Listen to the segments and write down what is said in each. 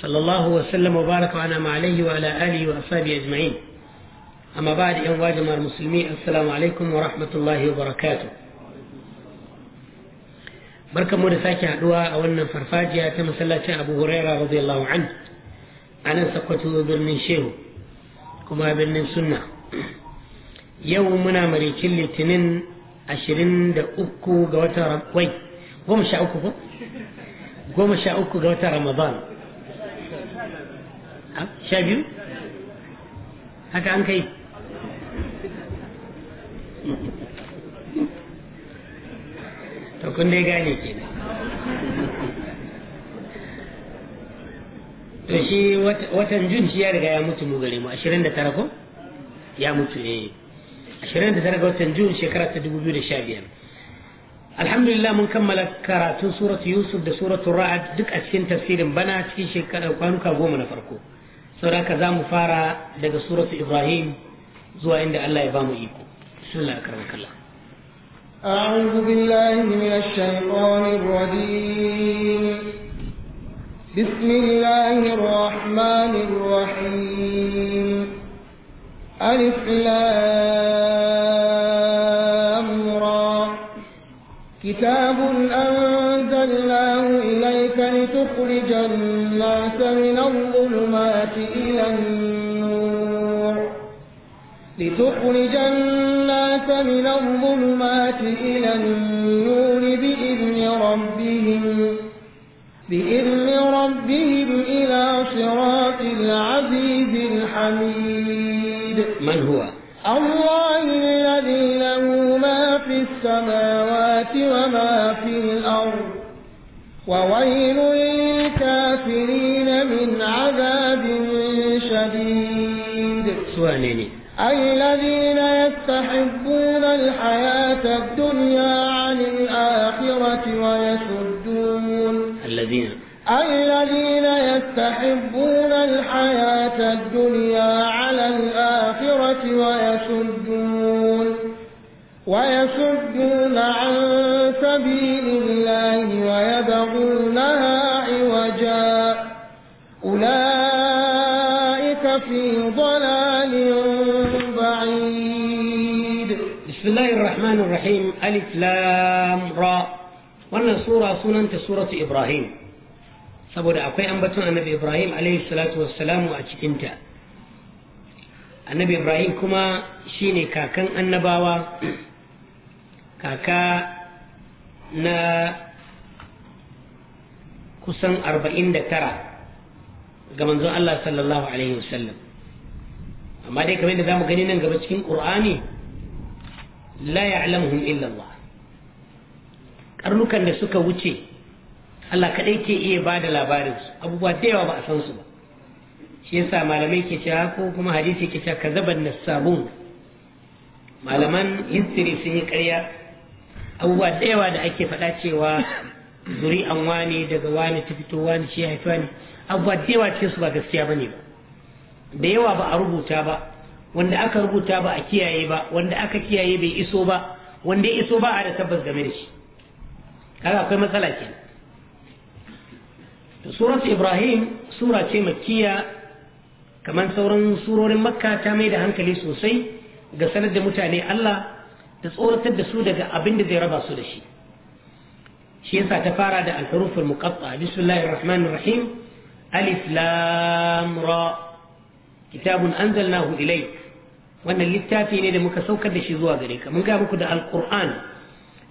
صلى الله وسلم وبارك وانعم عليه وعلى اله واصحابه اجمعين اما بعد ان واجب المسلمين السلام عليكم ورحمه الله وبركاته barkan mu da sake haduwa a wannan farfajiya ta masallacin abu huraira radiyallahu an a nan sakwato birnin shehu kuma birnin sunna yau muna marikin litinin 23 ga goma sha uku ga watan ramadan sha biyu haka an kai to kun dai gane ke to shi watan jun shi ya riga ya mutu mu gare mu 29 ko ya mutu eh 29 ga watan jun shekara ta 2015 alhamdulillah mun kammala karatun suratu yusuf da suratu ra'ad duk a cikin tafsirin bana cikin shekara kwanuka goma na farko سوران كذا مفارا دقى سورة إبراهيم زوا عند الله إبام إيكو بسم الله أكرمك الله أعوذ بالله من الشيطان الرجيم بسم الله الرحمن الرحيم ألف لام كتاب أنزل أَرْسَلْنَاهُ إِلَيْكَ لِتُخْرِجَ النَّاسَ مِنَ الظُّلُمَاتِ إِلَى النُّورِ لِتُخْرِجَ النَّاسَ مِنَ الظُّلُمَاتِ إِلَى النُّورِ بِإِذْنِ رَبِّهِمْ بِإِذْنِ رَبِّهِمْ إِلَى صِرَاطِ الْعَزِيزِ الْحَمِيدِ من هو؟ الله الذي له ما في السماوات وما في الأرض وويل للكافرين من عذاب شديد سوانيني الذين يستحبون الحياة الدنيا عن الآخرة ويسدون الذين الذين يستحبون الحياة الدنيا على الآخرة ويسدون ويصدون عن سبيل الله ويبغونها عوجا أولئك في ضلال بعيد بسم الله الرحمن الرحيم ألف لام را wannan sura sunanta suratu ibrahim saboda akwai ambaton annabi ibrahim alaihi salatu wassalamu a cikinta annabi ibrahim kuma shine kakan annabawa kaka na kusan arba'in da tara ga manzon Allah sallallahu alaihi wasallam amma dai kamar da za mu gani nan gaba cikin ƙur'ani la ya'lamuhum illa karnukan da suka wuce Allah kaɗai ke iya ba da labarinsu abubuwa da yawa ba a san su ba shi yasa malamai ke cewa ko kuma hadisi ke cewa na sabon. malaman history sun yi karya. abubuwa da yawa da ake faɗa cewa an wani daga wani ta fito wani shi haifuwa ne abubuwa da yawa cikinsu ba gaskiya ba ne ba da yawa ba a rubuta ba wanda aka rubuta ba a kiyaye ba wanda aka kiyaye bai iso ba wanda ya iso ba a da tabbas game da shi kaga akwai matsala kenan suratu ibrahim sura ce makiya kamar sauran surorin makka ta mai da hankali sosai ga sanar da mutane allah Ta tsoratar da su daga abin da zai raba su da shi shi yasa ta fara da alhuruful muqatta bismillahir rahmanir rahim alif lam ra kitabun anzalnahu ilayk wannan littafi ne da muka saukar da shi zuwa gare ka mun ga muku da alquran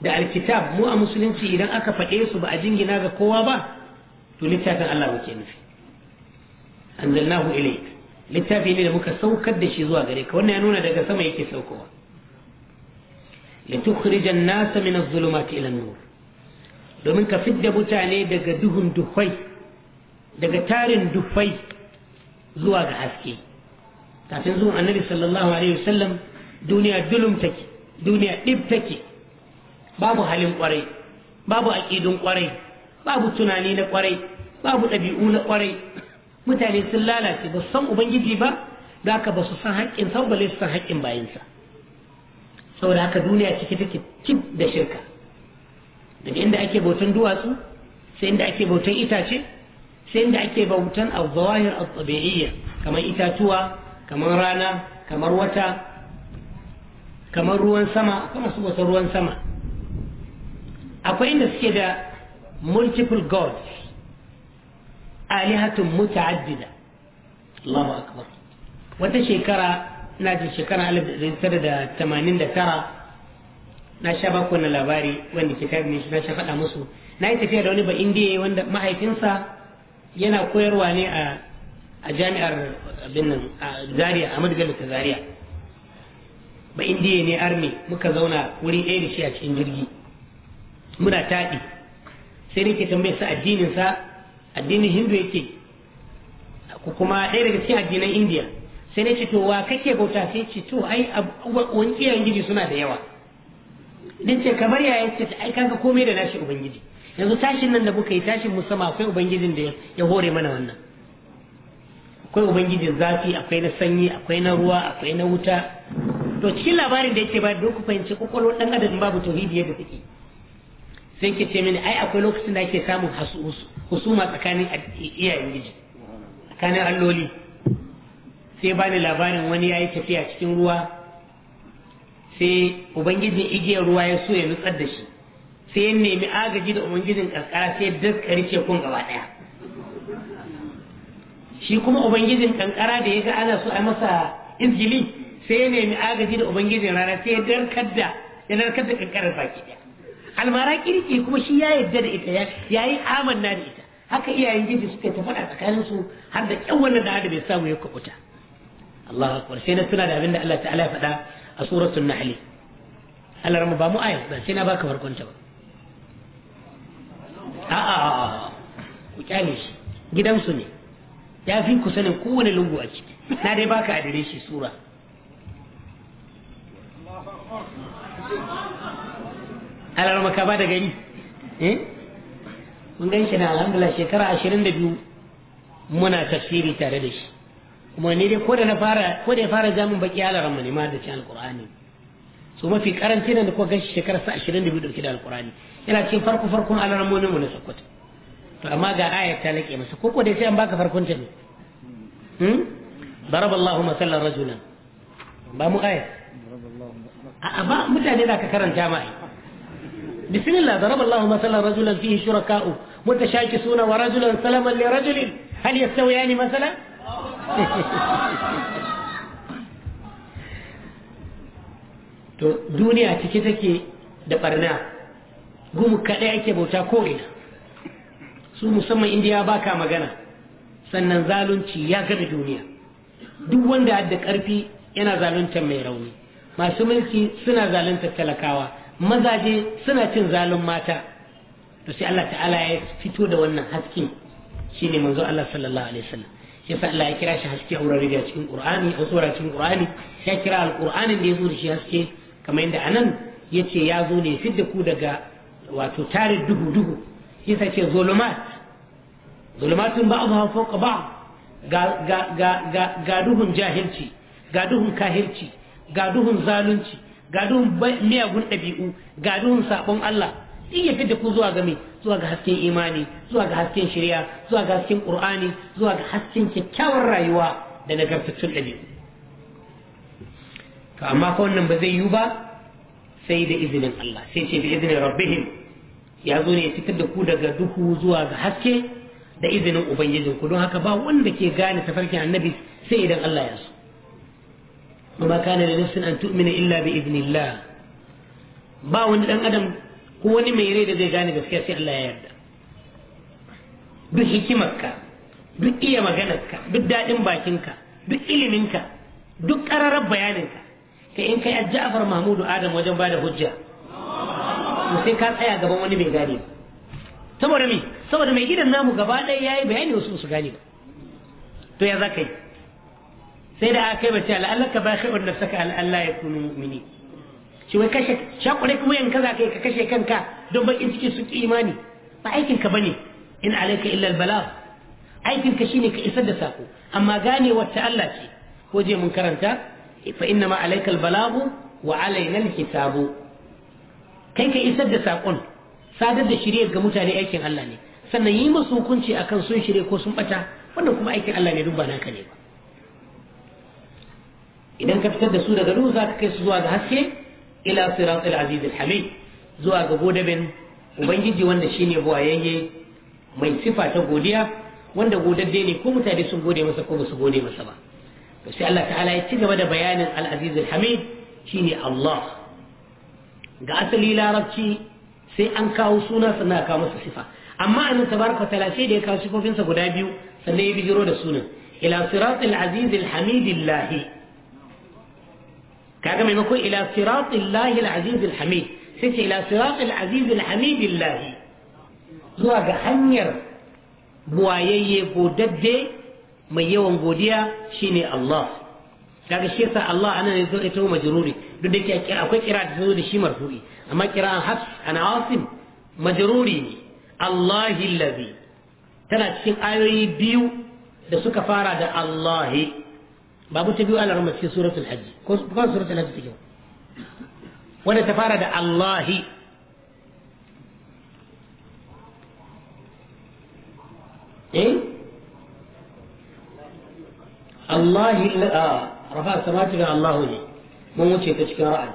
da alkitab mu a musulunci idan aka faɗe su ba a jingina ga kowa ba to littafin Allah muke nufi anzalnahu ilayk littafi ne da muka saukar da shi zuwa gare ka wannan ya nuna daga sama yake saukowa لتخرج الناس من الظلمات إلى النور domin ka fidda mutane daga duhun dufai daga tarin dufai zuwa ga haske kafin zuwan annabi sallallahu alaihi wasallam duniya dulum take duniya dib take babu halin kwarai babu aƙidun kwarai babu tunani na kwarai babu ɗabi'u na kwarai mutane sun lalace ba san ubangiji ba da haka ba su san haƙƙin sa ba su san haƙƙin bayinsa saboda haka duniya cike take cin da shirka daga inda ake bautan duwatsu sai inda ake bautan itace sai inda ake bautan al-zawahir al-tabi'iyya kamar itatuwa kamar rana kamar wata kamar ruwan sama akwai masu bautan ruwan sama akwai inda suke da multiple gods alihatun muta'addida Allahu akbar wata shekara na ji shekara alif da tamanin da tara na sha baku na labari wanda ke kai shi na sha faɗa musu na yi tafiya da wani ba indiya wanda mahaifinsa yana koyarwa ne a jami'ar abin a zaria a madigar ta zaria ba indiya ne army muka zauna wuri ɗaya da shi a cikin jirgi muna taɗi sai ke tambayar sa addinin sa addinin hindu yake kuma ɗaya daga cikin addinan indiya sai ne ce wa kake bauta sai ce to ai wani iyayen gidi suna da yawa din ce kamar yaya ce ai kanka komai da nashi ubangiji yanzu tashin nan da muka yi tashin musamman akwai ubangijin da ya hore mana wannan akwai ubangijin zafi akwai na sanyi akwai na ruwa akwai na wuta to cikin labarin da yake ba da ku fahimci kokolon dan adam babu tauhidi yadda take sai ke ce mini ai akwai lokacin da ake samun husuma tsakanin iyayen gidi tsakanin alloli sai bani labarin wani ya yi tafiya cikin ruwa sai ubangijin igiyar ruwa ya so ya nutsar da shi sai ya nemi agaji da ubangijin kankara sai ya daskari tekun gaba daya shi kuma ubangijin kankara da ya ga ana so a masa izgili sai ya nemi agaji da ubangijin rana sai ya darkar da ya narkar da kankarar baki daya almara kirki kuma shi ya yarda da ita ya yi amanna da ita haka iyayen gidi suka tafi a tsakaninsu har da kyan wannan da ya samu ya kubuta Allah akbar sai na suna da abin da Allah ta'ala ya faɗa a suratul nahl Allah ramu ba mu ayi ba sai na baka farkon ta ba a a ku kyale shi gidansu ne ya fi ku sanin kowane lungu a ciki na dai baka shi sura Allah ramu ka ba da gani eh mun gan shi na alhamdulillah shekara 22 muna tafsiri tare da shi kuma ni dai ko da na fara ko da ya fara jamin baki alaran mu ma da cin alqur'ani so mafi karanci nan da ko gashi shekara sa da 22 dauke da alqur'ani yana cikin farko farkon alaran mu ne mu na sokoto to amma ga ayat ta lake masa ko ko dai sai an baka farkon ta ne hmm daraba Allahu masallan rajulan ba mu ayat a ba mutane da ka karanta ma ai bismillah daraba Allahu masallan rajulan fihi shuraka'u mutashakkisuna wa rajulan salaman li rajulin hal yastawiyani masalan to duniya cike take da barna gumu kaɗai ake bauta ko'ina su musamman indiya baka magana sannan zalunci ya gada duniya duk wanda da ƙarfi yana zaluntar mai rauni masu mulki suna zaluntar talakawa mazaje suna cin zalun mata to sai Allah ta'ala ya fito da wannan haskin shine manzo Allah sallallahu alaihi wasallam yasa Allah ya kira shi haske a wurare da cikin Qur'ani a sura cikin Qur'ani ya kira Al-Qur'ani da ya zo da shi haske kamar yadda anan yace ya zo ne fidda ku daga wato tare duhu duhu yasa ce zulumat zulumatun ba'dha fawqa ba'd ga ga ga ga ga duhun jahilci ga duhun kahirci ga duhun zalunci ga duhun miyagun ɗabi'u ga duhun sabon Allah in ya fidda ku zuwa ga mai zuwa ga hasken imani zuwa ga hasken shirya zuwa ga hasken ƙur'ani, zuwa ga hasken kyakkyawar rayuwa da nagartattun ɗabi'u to amma ka wannan ba zai yiwu ba sai da izinin Allah sai ce da izinin rabbihim ya zo ne fitar da ku daga duhu zuwa ga haske da izinin ubangijinku. don haka ba wanda ke gane tafarkin annabi sai idan Allah ya so amma kana da nafsin an tu'mina illa bi idnillah ba wani dan adam ko wani mai rai da zai gane gaskiya sai Allah ya yarda duk hikimarka duk iya maganarka duk daɗin bakinka duk iliminka duk ƙararar bayaninka sai in kai Ja'far Mahmudu Adam wajen bada hujja to sai ka tsaya gaban wani mai gane saboda me saboda mai gidan namu gaba ɗaya yayi bayani wasu su gane ba to ya za ka yi sai da aka yi bace la'allaka ba shi wanda saka al'alla ya kunu mu'mini shi wai kashe shakure kuma ka ka kashe kanka don bakin ciki su ki imani ba aikin ka bane in alaika illa albalagh aikin ka shine ka isar da sako amma gane wata Allah ce ko je mun karanta fa inna ma alaika albalagh wa alaina alhisabu kai ka isar da sakon sadar da shirye ga mutane aikin Allah ne sannan yi musu hukunci akan sun shirye ko sun bata wannan kuma aikin Allah ne duk ba naka ne ba idan ka fitar da su daga duhu za ka kai su zuwa ga haske ila siratul azizul hamid zuwa ga godabin ubangiji wanda shine buwayayye mai sifa ta godiya wanda godadde ne ko mutane sun gode masa ko basu gode masa ba to sai Allah ta'ala ya ci gaba da bayanin al-azizul hamid shine Allah ga asali larabci sai an kawo suna sannan kawo masa sifa amma annabi tabaraka ta'ala sai da ya kawo sifofinsa guda biyu sannan ya bijiro da sunan ila siratul azizil hamidillahi kaga maimakon ila siratil lahil azizil hamid sai ce ila siratil azizil lahi zuwa ga hanyar buwayayye godadde mai yawan godiya shine Allah kaga shi yasa Allah anan ne zai tawo majruri duk da ke akwai kira da zo da shi marfu'i amma kira'an hafs an asim majruri ne Allahi allazi tana cikin ayoyi biyu da suka fara da Allahi باب تبيو على رمت في سورة الحج كون سورة الحج تجو ونتفارد الله إيه؟ الله إلا آه. رفع السماوات الله لي تشكي تشكرا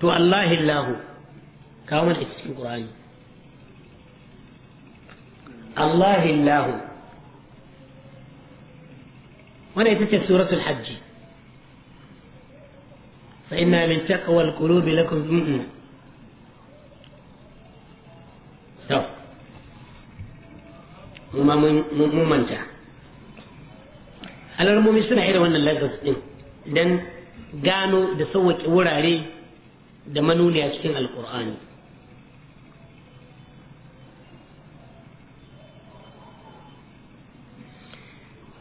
تو الله الا هو كامل اسم القرآن الله الا هو وانا اتتك سورة الحج فإنها من تقوى القلوب لكم مؤمن طب مؤمن جاء على ربما يسنع إلى وانا لازم إيه. القرآن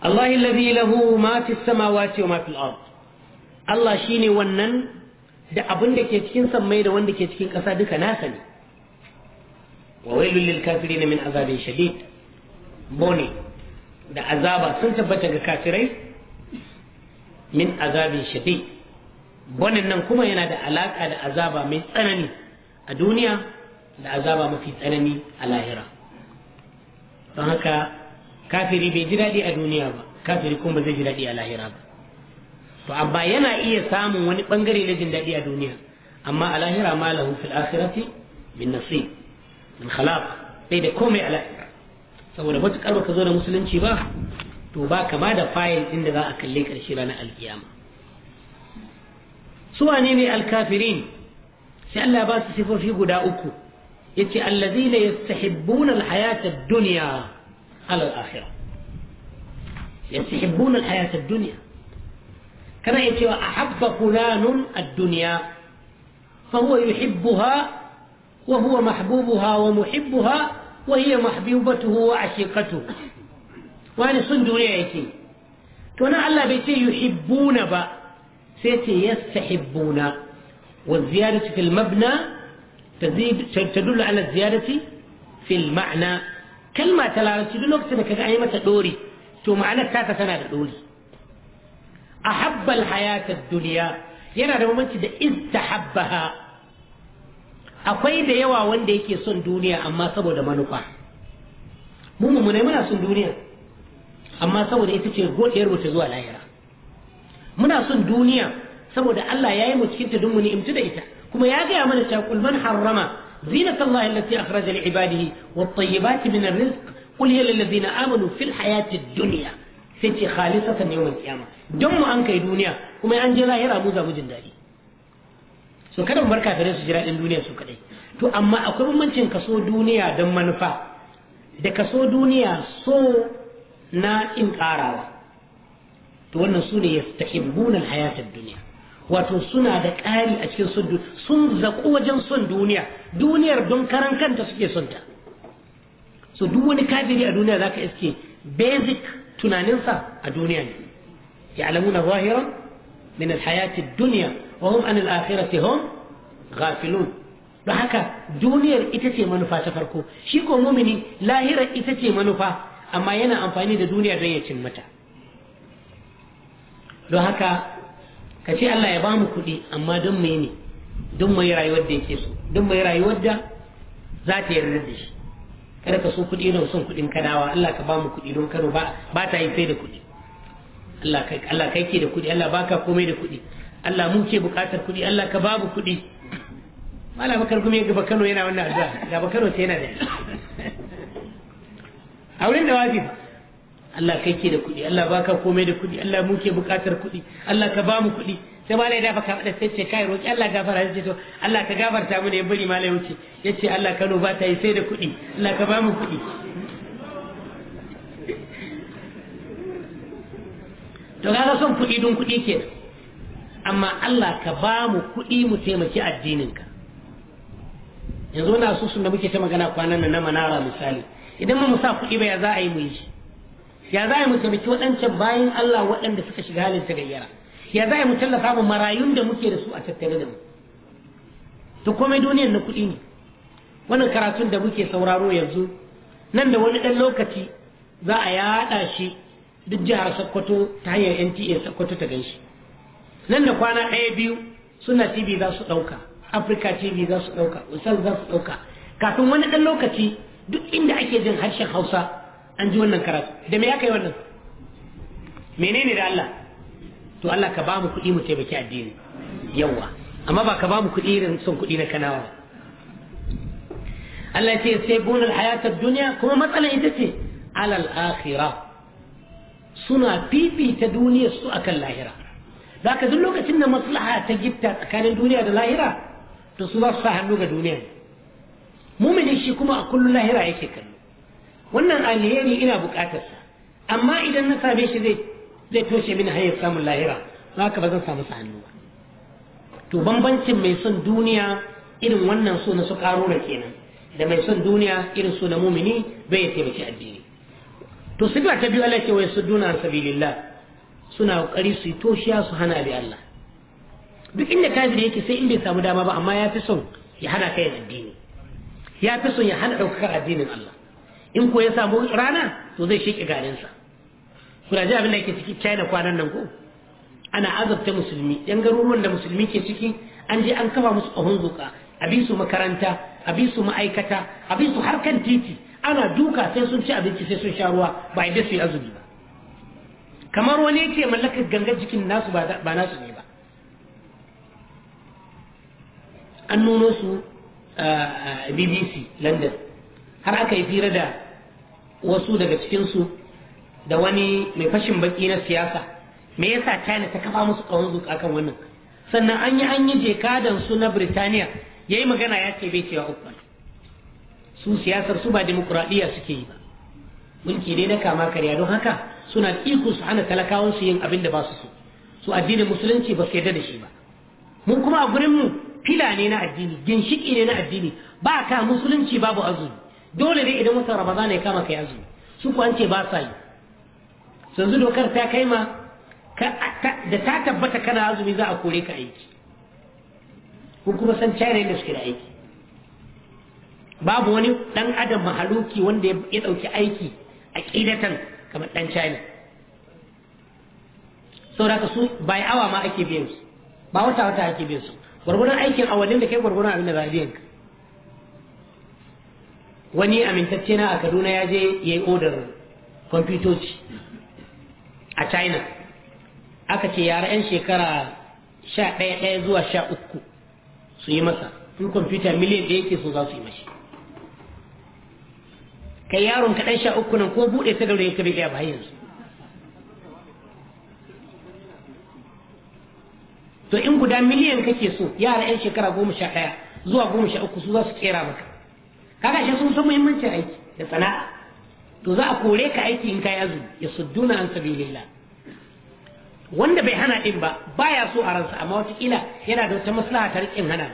Allah alladhi lahu ma fi samawati wa ma fil Allah shine wannan da abin da ke cikin sammai da wanda ke cikin ƙasa duka nasa ne wa wailul lil kafirin min azabin shadid bone da azaba sun tabbata ga kafirai min azabin shadid bonin nan kuma yana da alaƙa da azaba mai tsanani a duniya da azaba mafi tsanani a lahira don haka kafiri bai ji daɗi a duniya ba kafiri kuma zai ji daɗi a lahira ba to amma yana iya samun wani bangare na jin daɗi a duniya amma a lahira ma lahu fil akhirati min nasib min khalaq bai da komai a lahira saboda matukar ka zo da musulunci ba to ba kama da fayil din da za a kalle karshe ranar alkiyama su wane ne alkafirin sai Allah ba su sifofi guda uku yace allazina yastahibbuna alhayata ad-dunya على الآخرة يستحبون الحياة الدنيا كما يتوى أحب فلان الدنيا فهو يحبها وهو محبوبها ومحبها وهي محبوبته وعشيقته وأنا صندريك كنا على بيتي يحبون با سيتي يستحبون والزيادة في المبنى تدل على الزيادة في المعنى kalma ta larabci duk lokacin da kaga an yi mata dori to ma'anar taka tana da A ahabbal hayatad duniya yana da bambanci da istahabbaha akwai da yawa wanda yake son duniya amma saboda manufa mu mu ne muna son duniya amma saboda ita ce godiyar mu ta zuwa lahira muna son duniya saboda Allah ya yi mu cikin ta mu ni'imtu da ita kuma ya gaya mana cewa kul man harrama زينة الله التي أخرج لعباده والطيبات من الرزق قل هي للذين آمنوا في الحياة الدنيا ستي خالصة يوم القيامة ل ق ي ا م ة دم أ ن ك ي دنيا وما أ ن ج ل ا هي رموز ابو جنداري سكان مركا في رزق جراء الدنيا سكاني ت أ م ا أ ك ر م من شن كسو دنيا دم منفى دكسو دنيا سو نا إ ن ق ا سوني يستحبون ا الدنيا wato suna da ƙari a cikin sun sun zaƙo wajen son duniya duniyar don karan kanta suke son ta so duk wani kafiri a duniya zaka iske basic tunaninsa a duniya ne ya'lamuna zahiran min alhayati duniya wa hum an alakhirati hum ghafilun don haka duniyar ita ce manufa ta farko shi ko mumini lahirar ita ce manufa amma yana amfani da duniya don ya cin mata don haka ka ce Allah ya bamu kuɗi amma don mai ne don mai rayuwar da yake so don mai rayuwar da za ta yarda da shi kada ka so kuɗi don son kuɗin kanawa Allah ka bamu kuɗi don kano ba ta yi sai da kuɗi Allah kai ke da kuɗi Allah baka komai da kuɗi Allah mu ke buƙatar kuɗi Allah ka babu kuɗi mala bakar kuma ga bakano yana wannan addu'a ga bakano sai yana da a wurin da wajibi Allah kai ke da kuɗi Allah baka komai da kuɗi Allah ke buƙatar kuɗi Allah ka bamu kuɗi sai malai da baka da sai ce kai roki Allah gafara sai to Allah ka gafarta mu ne bari malai wuce yace Allah Kano ba ta yi sai da kuɗi Allah ka bamu kuɗi to kaga son kuɗi dun kuɗi ke amma Allah ka bamu kuɗi mu taimaki addininka yanzu wani asusun da muke ta magana kwanan nan na manara misali idan mu sa kuɗi ba ya za a yi mu yi ya za mu taimaki waɗancan bayan Allah waɗanda suka shiga halin ta gayyara. ya za mu tallafa mu marayun da muke da su a tattare da mu to komai duniyar na kuɗi ne wannan karatun da muke sauraro yanzu nan da wani ɗan lokaci za a yaɗa shi duk jihar Sokoto ta hanyar NTA Sokoto ta ganshi nan da kwana ɗaya biyu suna TV za su ɗauka Africa TV za su ɗauka Usal za su ɗauka kafin wani ɗan lokaci duk inda ake jin harshen Hausa an ji wannan karatu da me aka yi wannan menene da Allah to Allah ka bamu kuɗi mu taimaki addini yawa amma ba ka bamu kuɗi irin son kuɗi na kanawa Allah ya ce sai gonar hayatar duniya kuma matsalar ita ce alal akhirah suna fifita duniyar su akan lahira za ka duk lokacin da maslaha ta gifta tsakanin duniya da lahira to su ba su sa hannu ga duniya mumini shi kuma a kullum lahira yake kallo wannan alheri ina sa, amma idan na same shi zai toshe mini hanyar samun lahira ka ba zan samu sa hannu ba to bambancin mai son duniya irin wannan so na su karura kenan da mai son duniya irin so na mumini bai ya taimaki addini to ba ta biyu Allah ke wai su duna sabilillah suna kokari su toshiya su hana bi Allah duk inda kafiri yake sai in bai samu dama ba amma ya fi son ya hana kai addini ya fi son ya hana daukar addinin Allah in ko ya samu rana to zai sheke garinsa kuna ji abin da yake ciki china kwanan nan ko ana azabta musulmi yan garuruwan da musulmi ke ciki an je an kafa musu ƙahon zuƙa a bi su makaranta a bi su ma'aikata a bi su harkan titi ana duka sai sun ci abinci sai sun sha ruwa ba yadda su yi azumi ba kamar wani yake mallaka ganga jikin nasu ba nasu ne ba an nuno su ah, ah, bbc london har aka yi fira da wasu daga cikinsu da wani mai fashin baki na siyasa me yasa china ta kafa musu kawon zuka kan wannan sannan an yi an yi jekadan su na birtaniya ya yi magana ya ce bai cewa uku su siyasar su ba demokuraɗiyya suke yi ba mulki dai na kama karya don haka suna iko su hana talakawan su yin abin da ba su so su addinin musulunci ba su yarda da shi ba mu kuma a gurin mu fila ne na addini ginshiki ne na addini ba ka musulunci babu azumi dole ne idan wata ramadana ya kama kai azumi su ku an ce ba sa yi yanzu dokar ta kai ma da ta tabbata kana azumi za a kore ka aiki kun kuma san cire yadda suke da aiki babu wani dan adam mahaluki wanda ya dauki aiki a kidatan kamar dan china saboda su bai awa ma ake biyan su ba wata wata ake biyan su gwargwadon aikin awannin da kai gwargwadon abin da za a biyan ka wani amintacce na a kaduna ya je ya yi odar kwamfutoci a china aka ce yara 'yan shekara sha ɗaya ɗaya zuwa sha uku su yi masa in kwamfuta miliyan da yake so za su yi mashi kai yaron kaɗan sha uku nan ko buɗe ta daure yake bai a bayan su to in guda miliyan kake so yara 'yan shekara goma sha ɗaya zuwa goma sha uku su za su kera maka kaga shi sun san muhimmancin aiki da sana'a to za a kore ka aiki in kai azumi ya sudduna an sabilillah wanda bai hana din ba baya so a ransa amma wataƙila yana da wata maslaha ta rikin hana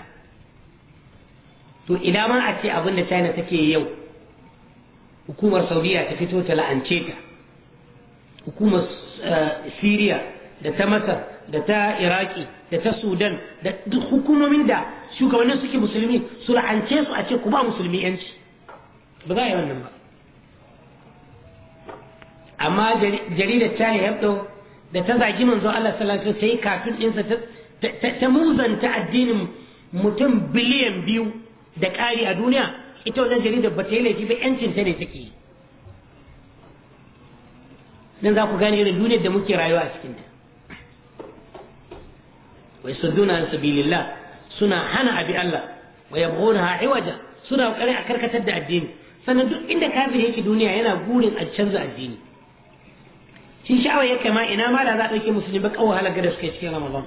to idan ma a ce abin da china take yau hukumar saudiya ta fito ta la'ance ta hukumar eh, syria da ta masar da ta iraki da ta sudan da duk hukumomin da shugabannin suke musulmi su la'ance su a ce ku ba musulmi yanci ba za a yi wannan ba amma jaridar ta hebdo da ta zagi manzo Allah sallallahu alaihi wasallam sai kafin ɗinsa ta muzanta addinin mutum biliyan biyu da ƙari a duniya ita wajen jaridar ba ta yi laifi ba yancin ta ne take yi dan za ku gane irin duniyar da muke rayuwa a cikinta wai sunduna an sabilillah suna hana abi Allah wa yabghuna iwaja suna kare a karkatar da addini sannan duk inda ka kafiri yake duniya yana gurin a canza addini shi sha'awa kai ma ina ma da za a dauke musulmi ba kawo halaga da suke cikin Ramadan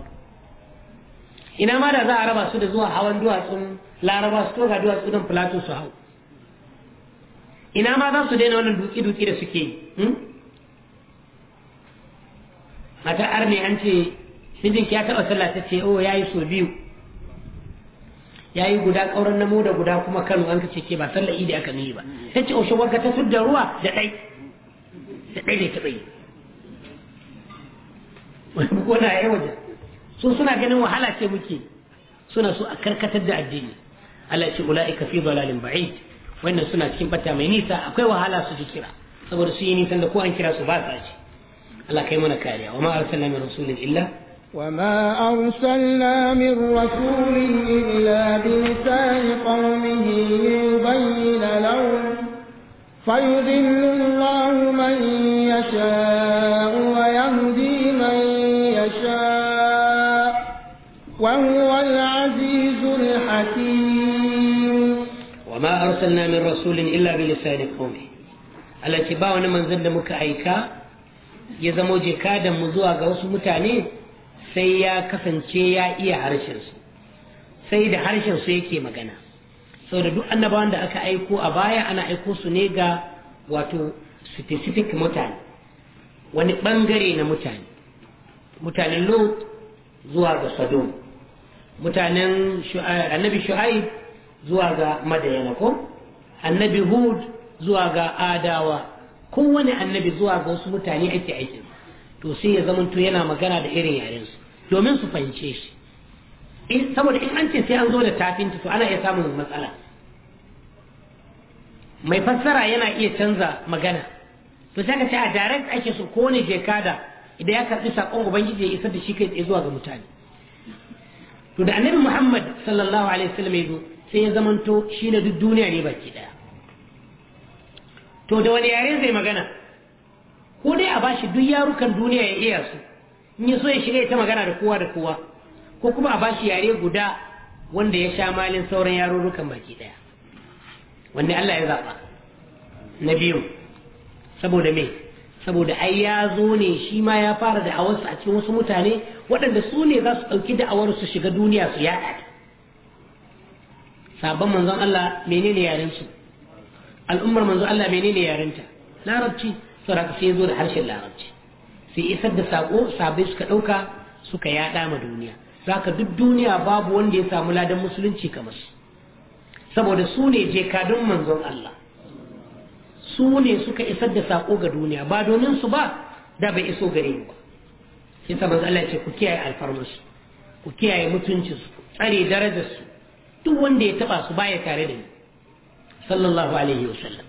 ina ma da za a raba su da zuwa hawan duwatsun laraba su toga duwatsu don plato su hau ina ma za su daina wannan duki-duki da suke yi hmm? mata arne an ce mijinki ya taɓa sallah ta ce oh ya yi so biyu yayi guda kauran namo da guda kuma Kano an kace ke ba sallar idi aka niyi ba tace o shi wanka ta tudda ruwa da ɗai, da ɗai ne taɓa yi, wani gona yi waje su suna ganin wahala ce muke suna so a karkatar da addini Allah ce ulaika fi dalalin ba'id wannan suna cikin bata mai nisa akwai wahala su ji kira saboda su yi nisan da ko an kira su ba sa ci Allah kai mana kariya wa ma arsalna min rasulin illa وما أرسلنا من رسول إلا بلسان قومه ليبين لهم فيذل الله من يشاء ويهدي من يشاء وهو العزيز الحكيم وما أرسلنا من رسول إلا بلسان قومه التي باونا من زل مكعيكا يزموجي كادا مزوغا وسمتانيه sai ya kasance ya iya harshensu sai da harshensu yake magana sau da duk annabawan da aka aiko a baya ana aiko su ne ga wato specific mutane wani bangare na mutane mutanen lot zuwa ga sodom mutanen annabi shu'aib zuwa ga madayana ko annabi hud zuwa ga adawa kowane annabi zuwa ga wasu mutane ake aikin to sai ya zamanto yana magana da irin yarensu domin su fahimce shi saboda in an ce sai an zo da tafinta to ana iya samun matsala mai fassara yana iya canza magana to sai ka ce a direct ake so ko ne je kada idan ya karbi sakon ubangiji ya isar da shi kai tsaye zuwa ga mutane to da annabi muhammad sallallahu alaihi wasallam ya zo sai ya zamanto shi na duk duniya ne baki daya to da wani yare zai magana ko dai a bashi duk yarukan duniya ya iya su in so ya shiga ita magana da kowa da kowa ko kuma a bashi yare guda wanda ya sha malin sauran yarurrukan baki daya wanne Allah ya zaba na biyu saboda me saboda ai ya zo ne shi ma ya fara da a cikin wasu mutane waɗanda su ne za su ɗauki da awar su shiga duniya su yaɗa sabon manzon Allah menene yaren su al'ummar manzon Allah menene yarenta larabci saboda sai ya zo da harshen larabci sai isar da sako sabai suka ɗauka suka yaɗa ma duniya ka duk duniya babu wanda ya samu ladan musulunci kamar su saboda su ne jekadun manzon Allah su ne suka isar da sako ga duniya ba domin su ba da bai iso gare mu ba shi sa Allah ce ku kiyaye alfarmarsu ku kiyaye mutuncinsu tsare darajarsu duk wanda ya taɓa su baya tare da ni sallallahu alaihi wasallam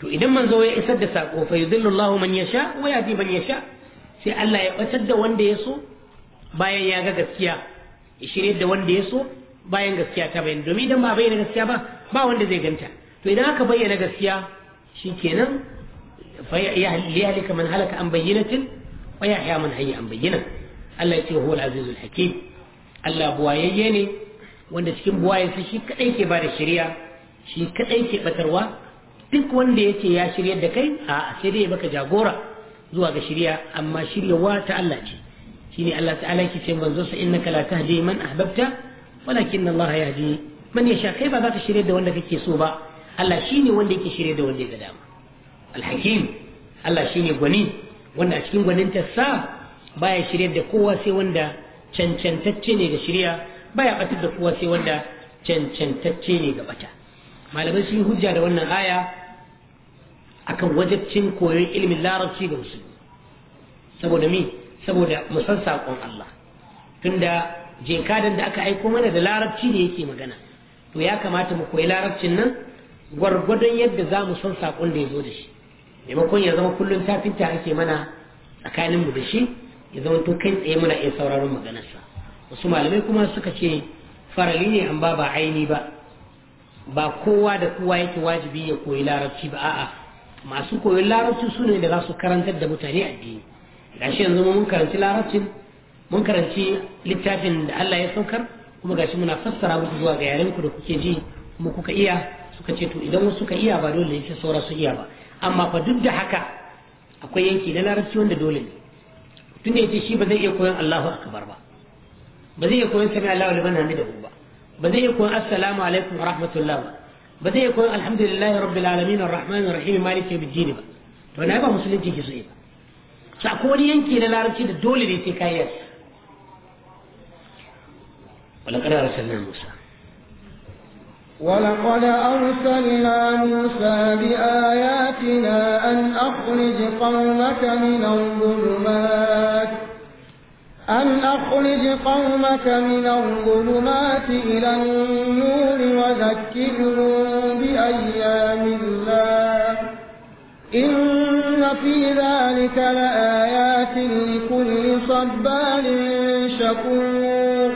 to idan manzo ya isar da sako fa yudhillu Allahu man yasha wa yahdi man yasha sai Allah ya batar da wanda ya so bayan ya ga gaskiya ya shirye da wanda ya so bayan gaskiya ta bayyana domin idan ba bayyana gaskiya ba ba wanda zai ganta to idan aka bayyana gaskiya shikenan fa yahlika man halaka an bayyinatin wa yahya man hayya an bayyina Allah ya ce huwal azizul hakim Allah buwayayye ne wanda cikin su shi kadai ke ba da shari'a shi kadai ke batarwa duk wanda yake ya shiryar da kai a sai dai baka jagora zuwa ga shirya amma shiryawa ta Allah ce shine Allah ta'ala yake ce manzo sa innaka la tahdi man ahbabta walakin Allah yahdi man yasha kai ba za ka shirya da wanda kake so ba Allah shine wanda yake shirya da wanda ya dama alhakim Allah shine gwani wanda a cikin gwaninta sa baya shirya da kowa sai wanda cancantacce ne ga shirya baya batar da kowa sai wanda cancantacce ne ga bata malamai sun hujja da wannan aya akan wajabcin koyon ilimin larabci ga musulmi saboda mi saboda musan saƙon Allah tunda jinkadan da aka aiko mana da larabci ne yake magana to ya kamata mu koyi larabcin nan gwargwadon yadda za mu san saƙon da ya zo da shi maimakon ya zama kullum tafinta ake mana tsakanin mu da shi ya zama to kai tsaye muna iya sauraron maganarsa wasu malamai kuma suka ce farali ne amma ba aini ba ba kowa da kowa yake wajibi ya koyi larabci ba a'a masu koyon larabci su ne da za su karantar da mutane addini gashi yanzu mun karanci larabcin mun karanci littafin da Allah ya saukar kuma gashi muna fassara muku zuwa ga yaren ku da kuke ji kuma kuka iya suka ce to idan wasu ka iya ba dole ne saura su iya ba amma fa duk da haka akwai yanki na larabci wanda dole ne tunda yace shi ba zai iya koyon Allahu akbar ba ba zai iya koyon sami Allahu liman hamidahu ba ba zai iya koyon assalamu alaikum wa rahmatullah ba ba zai koyi alhamdulillahi rabbil alamin arrahmanir rahim malik yawmid din ba to na ba musulunci ke sai ba sa ko wani yanki na larabci da dole ne sai kayan ولقد أرسلنا موسى ولقد أرسلنا موسى بآياتنا أن أخرج قومك من الظلمات أن أخرج قومك من الظلمات إلى النور وذكرهم بأيام الله إن في ذلك لآيات لكل صبار شكور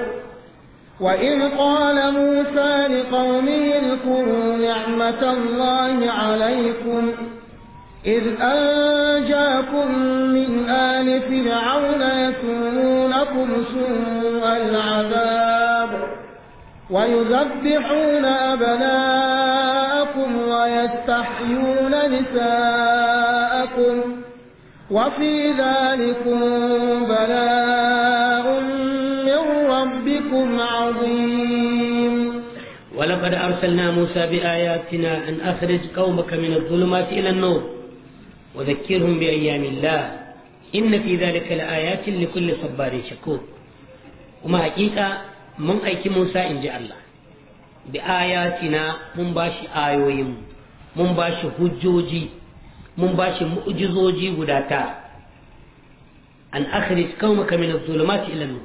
وإذ قال موسى لقومه اذكروا نعمة الله عليكم إذ أنجاكم من آل فرعون يكونونكم سوء العذاب ويذبحون أبناءكم ويستحيون نساءكم وفي ذلكم بلاء من ربكم عظيم ولقد أرسلنا موسى بآياتنا أن أخرج قومك من الظلمات إلى النور وذكرهم بأيام الله إن في ذلك لآيات لكل صبار شكور وما حقيقة mun aiki Musa in ji Allah bi ayatina mun bashi ayoyin mun bashi hujjoji mun bashi mu'jizoji guda ta an akhrij qaumaka min adh-dhulumati ila nur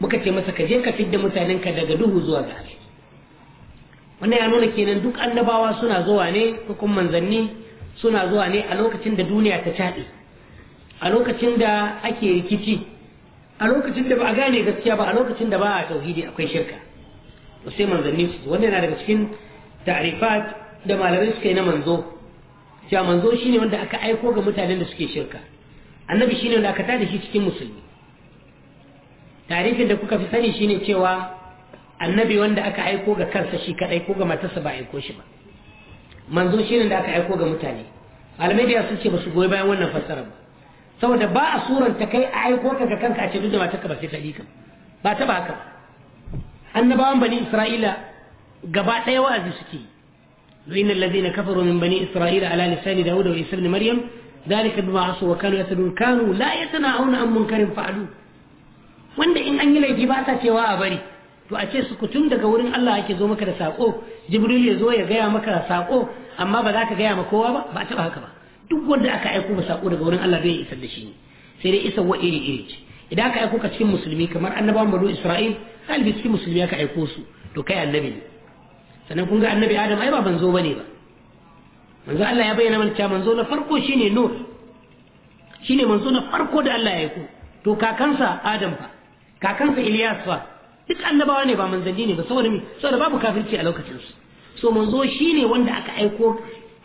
muka ce masa ka je ka fidda mutanenka daga duhu zuwa ga wannan ya nuna kenan duk annabawa suna zuwa ne hukum manzanni suna zuwa ne a lokacin da duniya ta chaɗe a lokacin da ake rikici a lokacin da ba a gane gaskiya ba a lokacin da ba a tauhidi akwai shirka to sai manzanni su wannan yana daga cikin ta'rifat da malamai suka yi na manzo cewa manzo shine wanda aka aiko ga mutanen da suke shirka annabi shine wanda aka tada shi cikin musulmi tarifin da kuka fi sani shine cewa annabi wanda aka aiko ga kansa shi kadai ko ga matarsa ba aiko shi ba manzo shine da aka aiko ga mutane malamai da sun ce ba su goyi bayan wannan fassara ba saboda ba a suranta kai a aiko ka ga kanka a ce duk da matarka ba sai ta lika ba ta ba haka annabawan bani isra'ila gaba ɗaya wa'azi suke yi لأن الذين كفروا من بني إسرائيل على ni Maryam, وعيسى بن مريم ذلك بما ya وكانوا يسألون كانوا لا يتناهون عن منكر فعلوه wanda in an yi laifi ba sa cewa a bari to a ce tun daga wurin Allah yake zo maka da sako jibril ya zo ya gaya maka da sako amma ba za ka gaya ma kowa ba ba ba haka ba duk wanda aka aiko ba sako daga wurin Allah bai isar da shi ne sai dai isa wa iri iri ce idan aka aiko ka cikin musulmi kamar annabawan bado Isra'il galibi cikin musulmi aka aiko su to kai annabi ne sannan kun ga annabi Adam ai ba banzo bane ba manzo Allah ya bayyana mana cewa manzo na farko shine Nuh shine manzo na farko da Allah ya aiko to kakansa Adam fa kakansa Ilyas fa duk annabawa ne ba manzanni ne ba saboda me saboda babu kafirci a lokacin su so manzo shine wanda aka aiko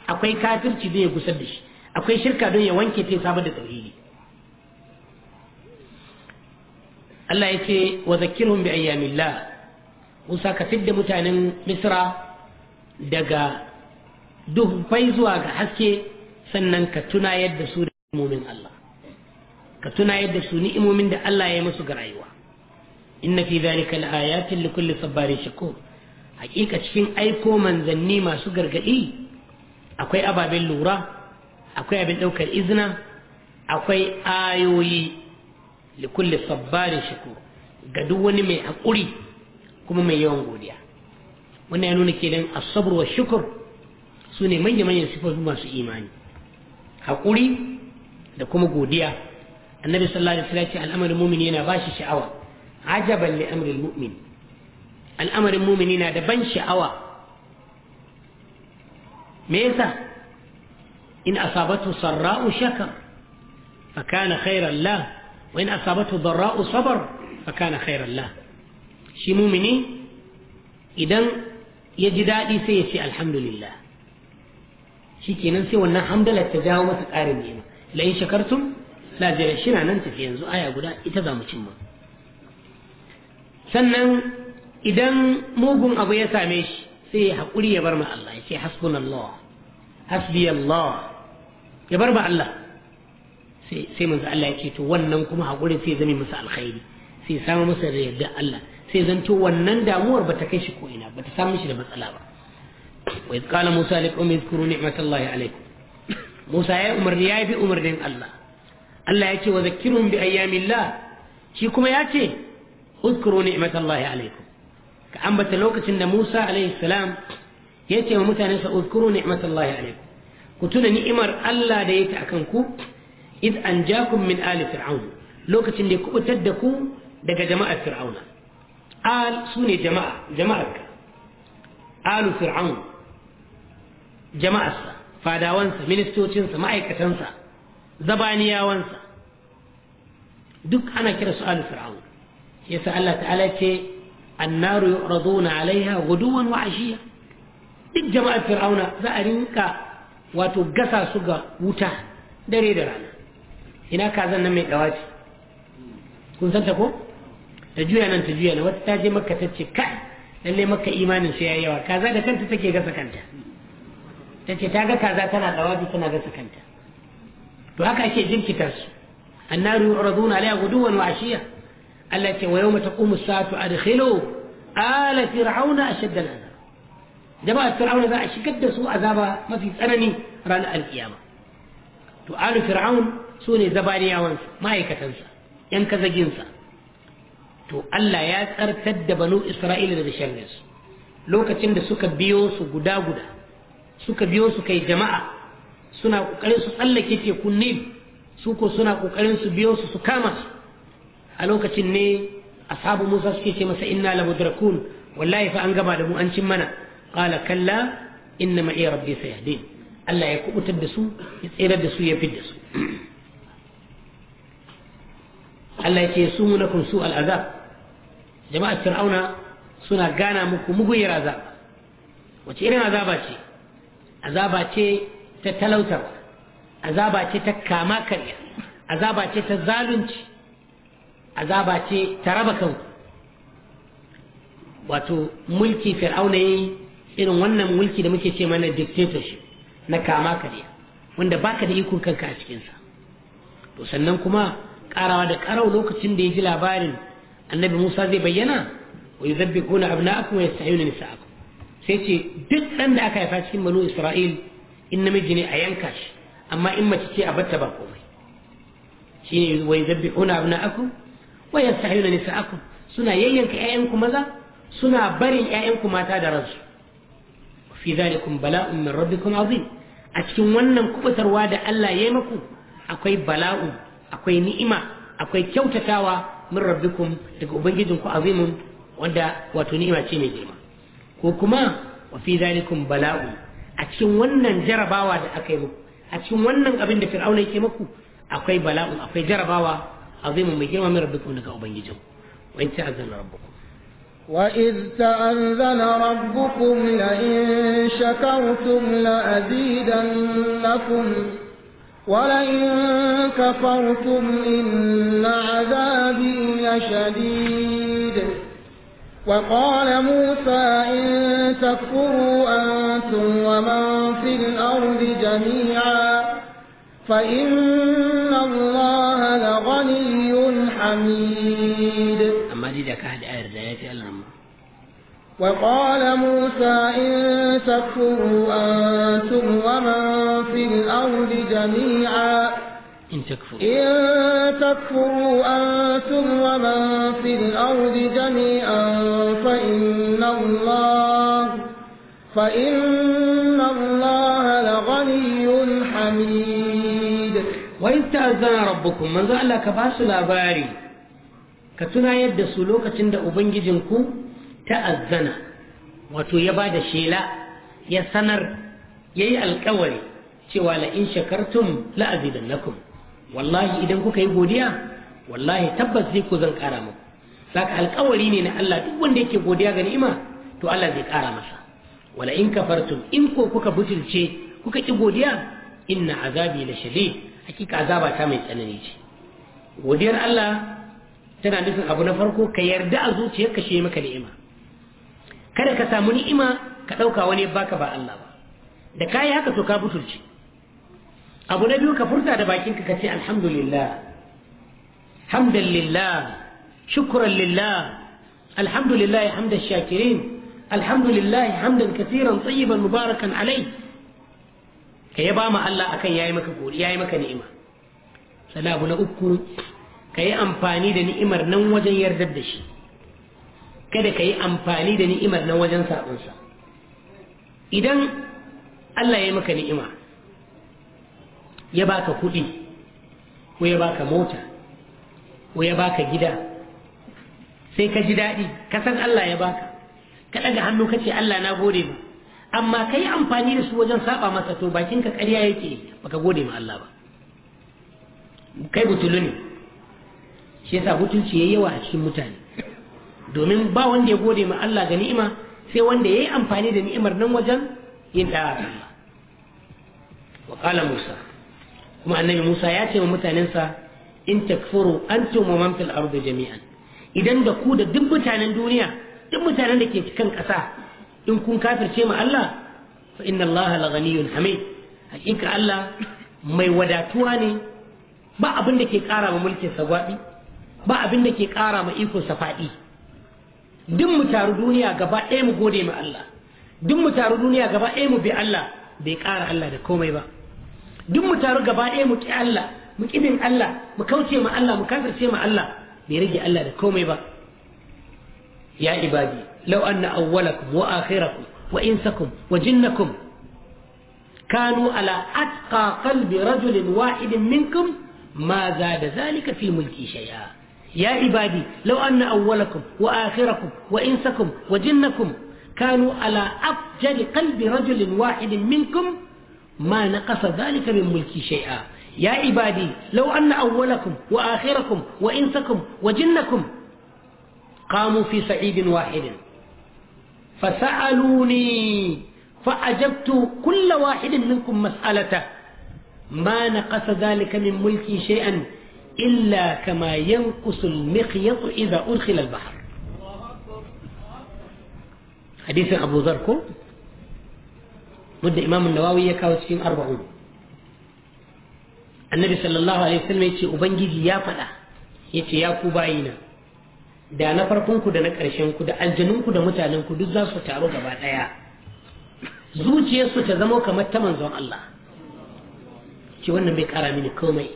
akwai kafirci ya gusar da shi akwai shirka don ya wanke ta sabar da tauhidi Allah ya ce wa zakirhum bi ayyamillah Musa ka fidda mutanen Misra daga duhufai zuwa ga haske sannan ka tuna yadda su da ni'imomin Allah ka tuna yadda su ni imomin da Allah ya yi musu ga rayuwa inna fi dhalika li kulli sabbarin shakur hakika cikin aiko manzanni masu gargadi akwai ababen lura akwai abin ɗaukar izina akwai ayoyi likulli sabbarin shiku ga duk wani mai haƙuri kuma mai yawan godiya wannan ya nuna kenan asabar wa shukur su ne manya-manyan sifofi masu imani haƙuri da kuma godiya annabi sallallahu alaihi wasallam ya ce al'amarin mumini yana ba shi sha'awa ajaban li amril mu'min al'amarin mumini na da ban sha'awa me yasa In أصابته سراء شكر فكان خيرا له وإن أصابته ضراء صبر فكان خيرا له shi mumini idan ya ji daɗi sai ya ce alhamdulillah shi kenan sai wannan hamdalar ta jawo masa ƙarin nema la'in shakartum lajiyar shi na nan tafi yanzu aya guda ita za mu cimma sannan idan mugun abu ya same shi sai ya haƙuri ya bar ma Allah ya ce hasbunallah hasbiyallah ya bar ba Allah sai manzo Allah ya ce to wannan kuma haƙurin sai zame masa alkhairi sai samu masa da yadda Allah sai zanto wannan damuwar bata kai shi ko ina bata samu shi da matsala ba wa iz qala musa li qaumi izkuru ni'matallahi alaykum musa ya umarni ya bi umarnin Allah Allah ya ce wa zakkirum bi ayyamillah shi kuma ya ce uzkuru ni'matallahi alaykum ka ambata lokacin da Musa alaihi salam ya ce wa mutane sa uzkuru ni'matallahi alaykum ku tuna ni'imar Allah da yake akan ku id anjakum min ali fir'aun lokacin da ya kubutar da ku daga jama'ar fir'auna al sune jama'a jama'ar alu fir'aun jama'arsa fadawansa ministocinsa ma'aikatansa zabaniyawansa duk ana kira su alu fir'aun yasa Allah ta'ala ce annaru yu'raduna alaiha guduwan wa ashiya duk jama'ar fir'auna za a rinka wato gasa su ga wuta dare da rana ina kazan nan mai dawaci kun santa ko ta juya nan ta juya nan wata ta je makka ta ce kai lalle makka imanin su yayi yawa kaza da kanta take gasa kanta ta ce ta ga kaza tana dawaci tana gasa kanta to haka ake jinkita su annaru yu'raduna alayha guduwan wa ashiya Allah ce wa yawma taqumu as-saatu adkhilu ala fir'auna ashadda al jama'ar fir'auna za a shigar da su azaba mafi tsanani ranar alkiyama to alu fir'aun su ne zabaniyawansa ma'aikatansa yan kazaginsa to Allah ya tsartar da banu Isra'ila daga sharrinsu lokacin da suka biyo su guda guda suka biyo su kai jama'a suna kokarin su tsallake tekun Nil su ko suna kokarin su biyo su su kama su a lokacin ne ashabu Musa suke ce masa inna lamudrakun wallahi fa an gama da mu an cin mana qala kalla inna ma iya rabbi sai sayahdin Allah ya kubutar da su ya tsere da su ya fidda su Allah ya ce su munakum su al'azab jama'ar fir'auna suna gana muku muguyar raza wacce irin azaba ce azaba ce ta talautar azaba ce ta kama karya azaba ce ta zalunci azaba ce ta raba kanku wato mulki fir'auna yi irin wannan mulki da muke ce mana dictatorship na kama karya wanda baka da ikon kanka a cikinsa to sannan kuma karawa da karau lokacin da ya ji labarin annabi musa zai bayyana wa yuzabbikuna abna'akum wa yastahiyuna nisa'akum sai ce duk dan da aka haifa cikin banu isra'il in namiji ne a yanka shi amma in mace ce a batta ba komai Shi ne wa yuzabbikuna abna'akum wa yastahiyuna nisa'akum suna yayyanka ƴaƴanku maza suna barin ƴaƴanku mata da ransu fi zalikum bala'un min rabbikum azim a cikin wannan kubutarwa da Allah ya yi muku akwai bala'u akwai ni'ima akwai kyautatawa min rabbikum daga ubangijin ku azimun wanda wato ni'ima ce mai girma ko kuma wa fi zalikum bala'u a cikin wannan jarabawa da aka yi muku a cikin wannan abin da fir'auna yake muku akwai bala'u akwai jarabawa azimun mai girma min rabbikum daga ubangijin ku wa in ta'azzana rabbukum وَإِذْ تَأَذَّنَ رَبُّكُمْ لَئِن شَكَرْتُمْ لَأَزِيدَنَّكُمْ وَلَئِن كَفَرْتُمْ إِنَّ عَذَابِي لَشَدِيدٌ وَقَالَ مُوسَى إِن تَكْفُرُوا أَنتُمْ وَمَن فِي الْأَرْضِ جَمِيعًا فَإِنَّ اللَّهَ لَغَنِيٌّ حَمِيدٌ آية وقال موسى إن تكفروا أنتم ومن في الأرض جميعا إن تكفروا إن تكفروا أنتم ومن في الأرض جميعا فإن الله فإن الله لغني حميد وإن تأذن ربكم من ذلك باسل أباري ka tunayar da su lokacin da ubangijinku ta'azzana wato ya ba da shela ya sanar ya yi alkawari cewa la'in shakartum la'azidan lakum wallahi idan kuka yi godiya wallahi tabbas zai ku zan kara muku saka alkawari ne na Allah duk wanda yake godiya ga ni'ima to Allah zai kara masa wala in kafartum in ko kuka butulce kuka ki godiya inna azabi la shadid hakika azaba ta mai tsanani ce godiyar Allah tana nufin abu na farko ka yarda a zuciyarka shi maka ni'ima kada ka samu ni'ima ka ɗauka wani baka ba Allah ba da kayi haka to ka butulci abu na biyu ka furta da bakinka ka ce alhamdulillah hamdan lillah shukran lillah alhamdulillah hamdan shakirin alhamdulillah hamdan kasiran tayyiban mubarakan alai ka yaba ma Allah akan yayi maka gori yayi maka ni'ima abu na uku ka yi amfani da ni'imar nan wajen yardar da shi kada ka yi amfani da ni'imar nan wajen saɓinsa idan Allah ya maka ni'ima ya baka kuɗi ko ya baka mota ko ya baka gida sai ka ji daɗi ka san Allah ya baka ka ɗaga hannu ka ce Allah na gode ba amma ka yi amfani da su wajen saba masa to bakinka ƙarya yake baka gode ma Allah ba kai butulu ne shi yasa ya yayi yawa a cikin mutane domin ba wanda ya gode ma Allah ga ni'ima sai wanda yayi amfani da ni'imar nan wajen yin da'a wa qala Musa kuma annabi Musa ya ce wa mutanensa in takfuru antum wa man fil ardi jami'an idan da ku da duk mutanen duniya duk mutanen da ke cikin ƙasa in kun kafirce ma Allah fa inna Allah la ghaniyyun hamid hakika Allah mai wadatuwa ne ba abin da ke ƙara wa mulkin sa gwabi ba abin da ke ƙara ma ikonsa faɗi duk mu taru duniya gaba ɗaya mu gode ma Allah duk mu taru duniya gaba ɗaya mu bi Allah bai ƙara Allah da komai ba duk mu taru gaba ɗaya mu ƙi Allah mu ƙibin Allah mu kauce ma Allah mu kasance ma Allah bai rage Allah da komai ba ya ibadi law anna awwalakum wa akhirakum wa insakum wa jinnakum kanu ala atqa qalbi rajulin wahidin minkum ma zada zalika fi mulki shay'a يا عبادي لو أن أولكم وآخركم وإنسكم وجنكم كانوا على أفجر قلب رجل واحد منكم ما نقص ذلك من ملكي شيئا يا عبادي لو أن أولكم وآخركم وإنسكم وجنكم قاموا في سعيد واحد فسألوني فأجبت كل واحد منكم مسألته ما نقص ذلك من ملكي شيئا إلا كما ينقص المخيط إذا أدخل البحر حديث أبو ذركو مد إمام النووي يكاو تشين أربعون النبي صلى الله عليه وسلم يتي أبنجي يا فلا يتي يا كوباينا da na farkonku da na ƙarshenku da aljanunku da mutanenku duk za su taru gaba ɗaya zuciyarsu ta zama kamar ta manzon Allah ki wannan bai ƙara mini komai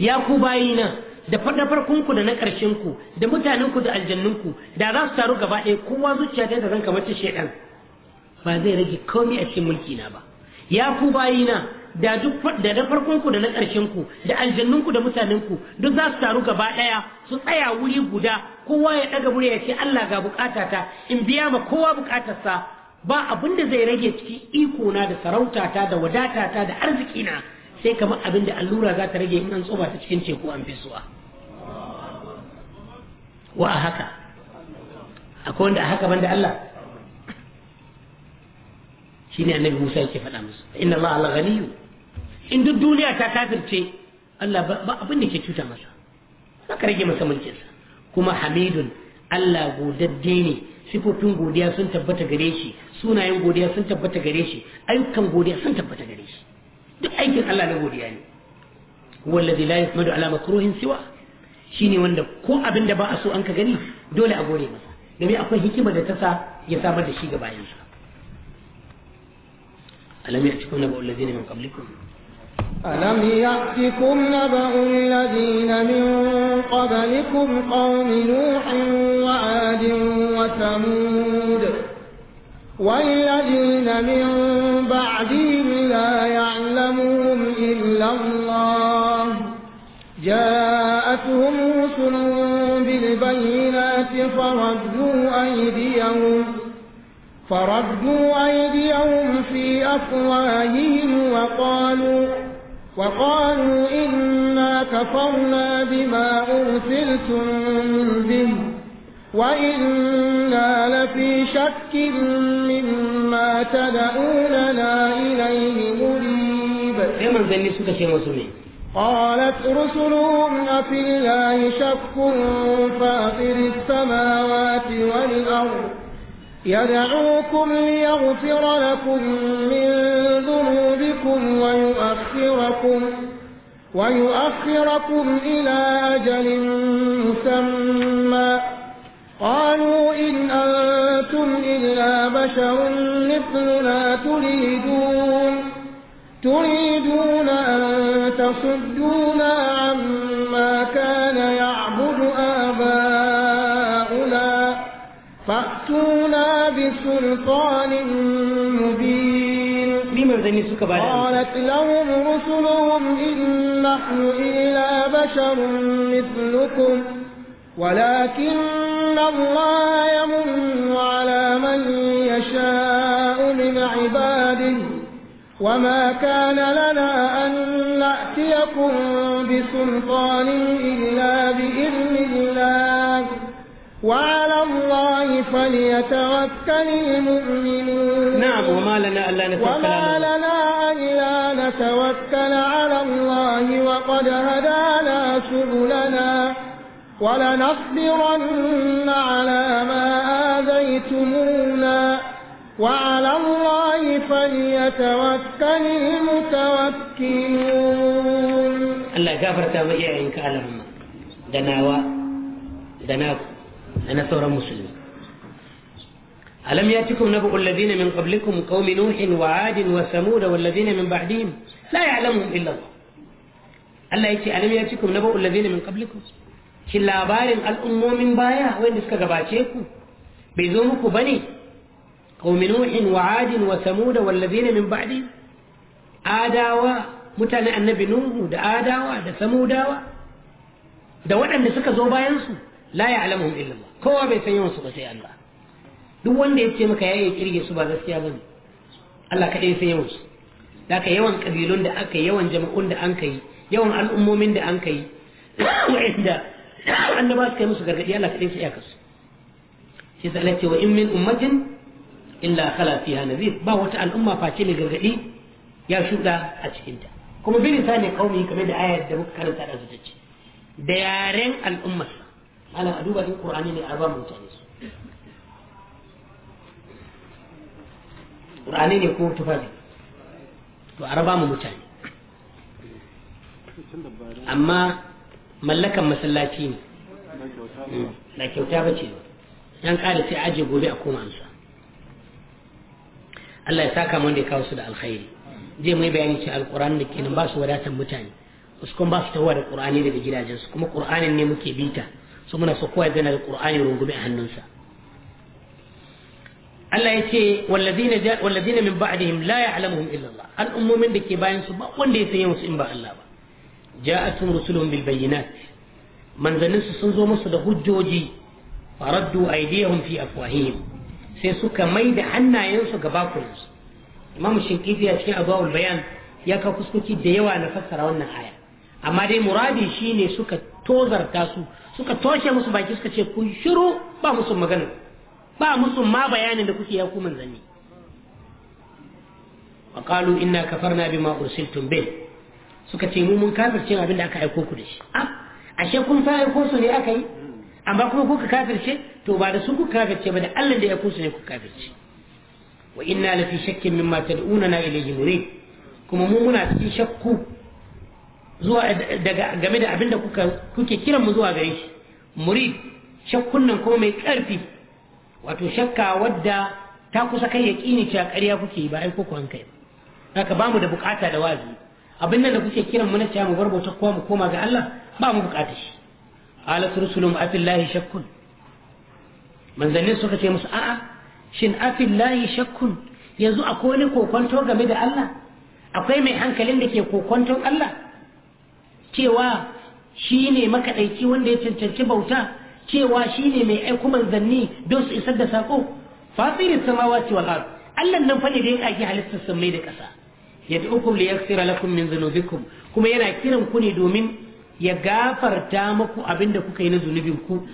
ya ku bayina da fada farkon da na ƙarshenku, da mutanen da aljannun da za su taru gaba ɗaya kowa zuciya ta da zan kamar ta shedan ba zai rage komai a cikin mulki na ba ya ku bayina da duk da na farkon da na da aljannun ku da mutanen duk za su taru gaba ɗaya su tsaya wuri guda kowa ya ɗaga murya ya ce Allah ga bukatata in biya ma kowa bukatarsa ba abin da zai rage ciki iko na da sarautata da wadatata da arzikina sai kamar abin da allura za ta rage in an tsoba ta cikin teku an fesuwa wa a haka akwai wanda a haka ban da Allah shi ne annabi Musa yake faɗa musu inna Allah Allah ganiyu in duk duniya ta kafirce Allah ba abin da ke cuta masa ba ka rage masa mulkinsa kuma hamidun Allah godadde ne sifofin godiya sun tabbata gare shi sunayen godiya sun tabbata gare shi ayyukan godiya sun tabbata gare shi دي الله نقول يعني هو الذي لا يحمد على مكروه سواه شيني وند كو ابين دا با اسو غني دولي اغوري مسا دمي اكو حكمه دا تسا يا سامر دا شي الم ياتكم نبؤ الذين من قبلكم ألم يأتكم نبأ الذين من قبلكم قوم نوح وعاد وثمود والذين من بعدهم لا يعلمون يعلمهم إلا الله جاءتهم رسل بالبينات فردوا أيديهم فردوا أيديهم في أفواههم وقالوا وقالوا إنا كفرنا بما أرسلتم به وإنا لفي شك مما تدعوننا إليه مريد sai manzanni suka شيء مسلمي قالت رسلهم أفي الله شك فاطر السماوات والأرض يدعوكم ليغفر لكم من ذنوبكم ويؤخركم ويؤخركم إلى أجل مسمى قالوا إن أنتم إلا بشر مثلنا تريدون تريدون أن تصدونا عما كان يعبد آباؤنا فأتونا بسلطان مبين قالت لهم رسلهم إن نحن إلا بشر مثلكم ولكن الله يمن على من وما كان لنا أن نأتيكم بسلطان إلا بإذن الله وعلى الله فليتوكل المؤمنون نعم وما لنا ألا نتوكل وما لنا ألا نتوكل على الله وقد هدانا سبلنا ولنصبرن على ما آذيتمونا وعلى الله الله فليتوكل المتوكلون الله غفرت ما يعينك على ما دناوا دناك أنا ثورة مسلمة ألم يأتكم نبأ الذين من قبلكم قوم نوح وعاد وثمود والذين من بعدهم لا يعلمهم إلا الله Allah ya ce alam ya cikum na ba'ul ladina min qablikum shin labarin al'ummomin baya wanda suka gabace ku bai zo muku bane قوم نوح وعاد وثمود والذين من بعد آداوا mutanen annabi nuhu da adawa da samudawa da waɗanda suka zo bayansu la ya alamun illallah kowa bai san yawansu ba sai Allah duk wanda ya ce maka ya yi kirge su ba gaskiya ba ne Allah kaɗai san yawansu da aka yawan ƙabilun da aka yawan jama'un da an kai yawan al'ummomin da an kai wa'inda annaba su kai musu Allah kaɗai in min illa khala fiha nadhir ba wata al'umma face ne gargadi ya shuda a cikinta kuma bi ne qaumi kamar da ayar da muka karanta da ta ce da yaren al'umma malam a duba din qur'ani ne arba mutane su qur'ani ne ko tufafi to arba mu mutane amma mallakan masallaci ne na hmm, kyauta ba ce yan ƙara sai aje gobe a koma amsa Allah ya saka mun da ya kawo su da alkhairi je mai bayani ce alkur'ani da kenan ba su wadatar mutane wasu kuma ba su tawa da qur'ani daga gidajensu kuma qur'anin ne muke bita su muna so kowa ya da qur'ani rungume a hannunsa Allah ya ce walladina min ba'dihim la ya'lamuhum illa Allah al'ummomin da ke bayan su ba wanda ya san yawan su in ba Allah ba ja'atuhum rusuluhum bil bayyinat manzannin sun zo musu da hujjoji faraddu aydiyahum fi afwahihim sai suka mai da hannayensu ga bakunansu imam shinkiti a cikin abuwa bayan ya ka kuskuki da yawa na fassara wannan aya amma dai muradi shine suka tozarta su suka toshe musu baki suka ce ku shiru ba musu magana ba musu ma bayanin da kuke ya ku manzanni wa qalu inna kafarna bima ursiltum bih suka ce mu mun kafirce abin da aka aiko ku da shi ah, ashe kun fa aiko su ne aka yi amma kuma kuka kafirce to ba da sun kuka kafirce ba da Allah da ya kusa ne kuka kafirce wa inna lafi shakkin mimma na ilayhi murid kuma mu muna cikin shakku zuwa daga game da abinda kuka kuke kiran mu zuwa gare shi murid shakkun nan kuma mai karfi wato shakka wadda ta kusa kai yaqini cewa ƙarya kuke ba ai ku hankali haka ba mu da bukata da wazi abin nan da kuke kiran mu na cewa mu barbo ta, kowa mu koma ga Allah ba mu bukata shi qalat rusulum afillahi shakkun manzannin suka ce musu a'a shin afillahi shakkun yanzu akwai wani kokonto game da Allah akwai mai hankalin da ke kokonton Allah cewa shine ne makaɗaici wanda ya cancanci bauta cewa shi ne mai aiko manzanni don su isar da sako fasirin samawati wal ard Allah nan fa ne da ya kage halittar sammai da ƙasa yad'ukum liyaghfira lakum min dhunubikum kuma yana kiran ku ne domin ya gafarta muku abinda kuka yi na zunubin ku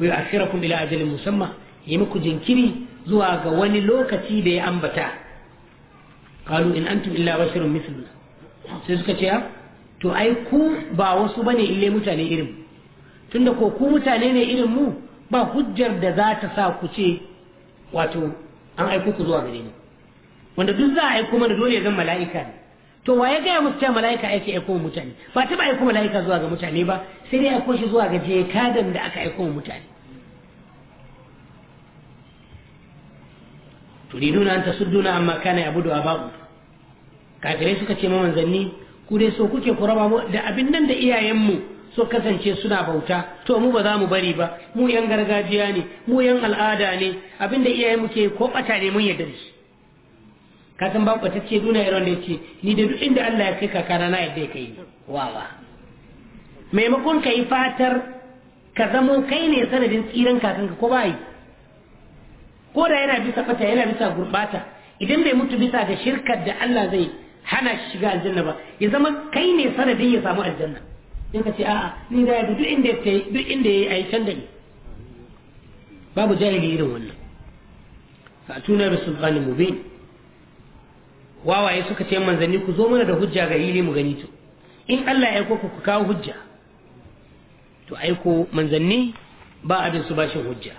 wa yu'akhirakum ila ajalin musamma ya muku jinkiri zuwa ga wani lokaci da ya ambata qalu in antum illa basharun mithluna sai suka ce ah, to ai ku ba wasu bane ille mutane irin tunda ko ku mutane ne irin mu ba hujjar da za ta sa ku ce wato an aiko ku zuwa gare ni wanda duk za a aiko mana dole ya zama mala'ika ne to wa ya gaya musu cewa mala'ika ake aiko mutane ba taɓa aiko mala'ika zuwa ga mutane ba sai dai aiko shi zuwa ga jekadan da aka aiko mutane turiduna an tasudduna amma kana yabudu aba'u kafirai suka ce manzanni ku dai so kuke ku raba mu da abin nan da iyayenmu so kasance suna bauta to mu ba za mu bari ba mu yan gargajiya ne mu yan al'ada ne abin da iyayenmu ke ko ɓata ne mun yarda da ka san ba ce duniya irin da ce ni da duk inda Allah ya kai ka kana na yadda kai wawa maimakon ka yi fatar ka zamo kai ne sanadin tsiran kakanka ko bai ko da yana bisa fata yana bisa gurbata idan bai mutu bisa ga shirkar da Allah zai hana shi shiga aljanna ba ya zama kai ne sanadin ya samu aljanna in ka ce a'a ni da yadda duk inda ya duk inda ya yi a yi can da ni babu jahili irin wannan fa'tuna bi sultanin mubin wawaye suka ce manzanni ku zo mana da hujja ga ili mu gani to in Allah ya aiko ku ku kawo hujja to aiko manzanni ba abin su bashin hujja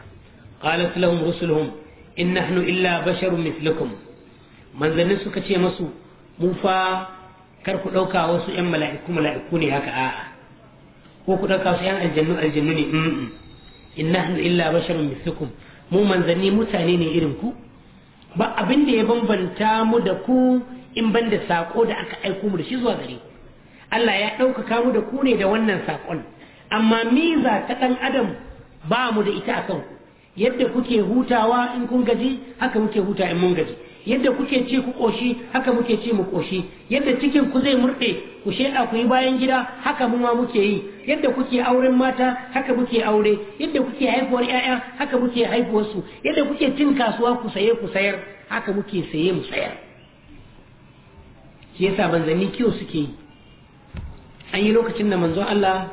qalat lahum rusuluhum in nahnu illa basharun mithlukum manzanni suka ce masu mu fa kar ku dauka wasu yan mala'iku mala'iku ne haka a'a ko ku dauka wasu yan aljannu aljannu ne in nahnu illa basharun mithlukum mu manzanni mutane ne irin ku ba abin da ya bambanta mu da ku in ban da saƙo da aka aiko mu da shi zuwa gare Allah ya ɗaukaka mu da ku ne da wannan sakon amma miza ta ɗan adam ba mu da ita a kanku yadda kuke hutawa in kun gaji haka muke huta in mun gaji yadda kuke ci ku koshi haka muke ci mu koshi yadda cikin ku zai murɗe ku sheda ku yi bayan gida haka mu ma muke yi yadda kuke auren mata haka muke aure yadda kuke haifuwar 'ya'ya haka muke haifuwar su yadda kuke cin kasuwa ku saye ku sayar haka muke saye mu sayar shi yasa manzanni kiwo suke yi an yi lokacin da manzon Allah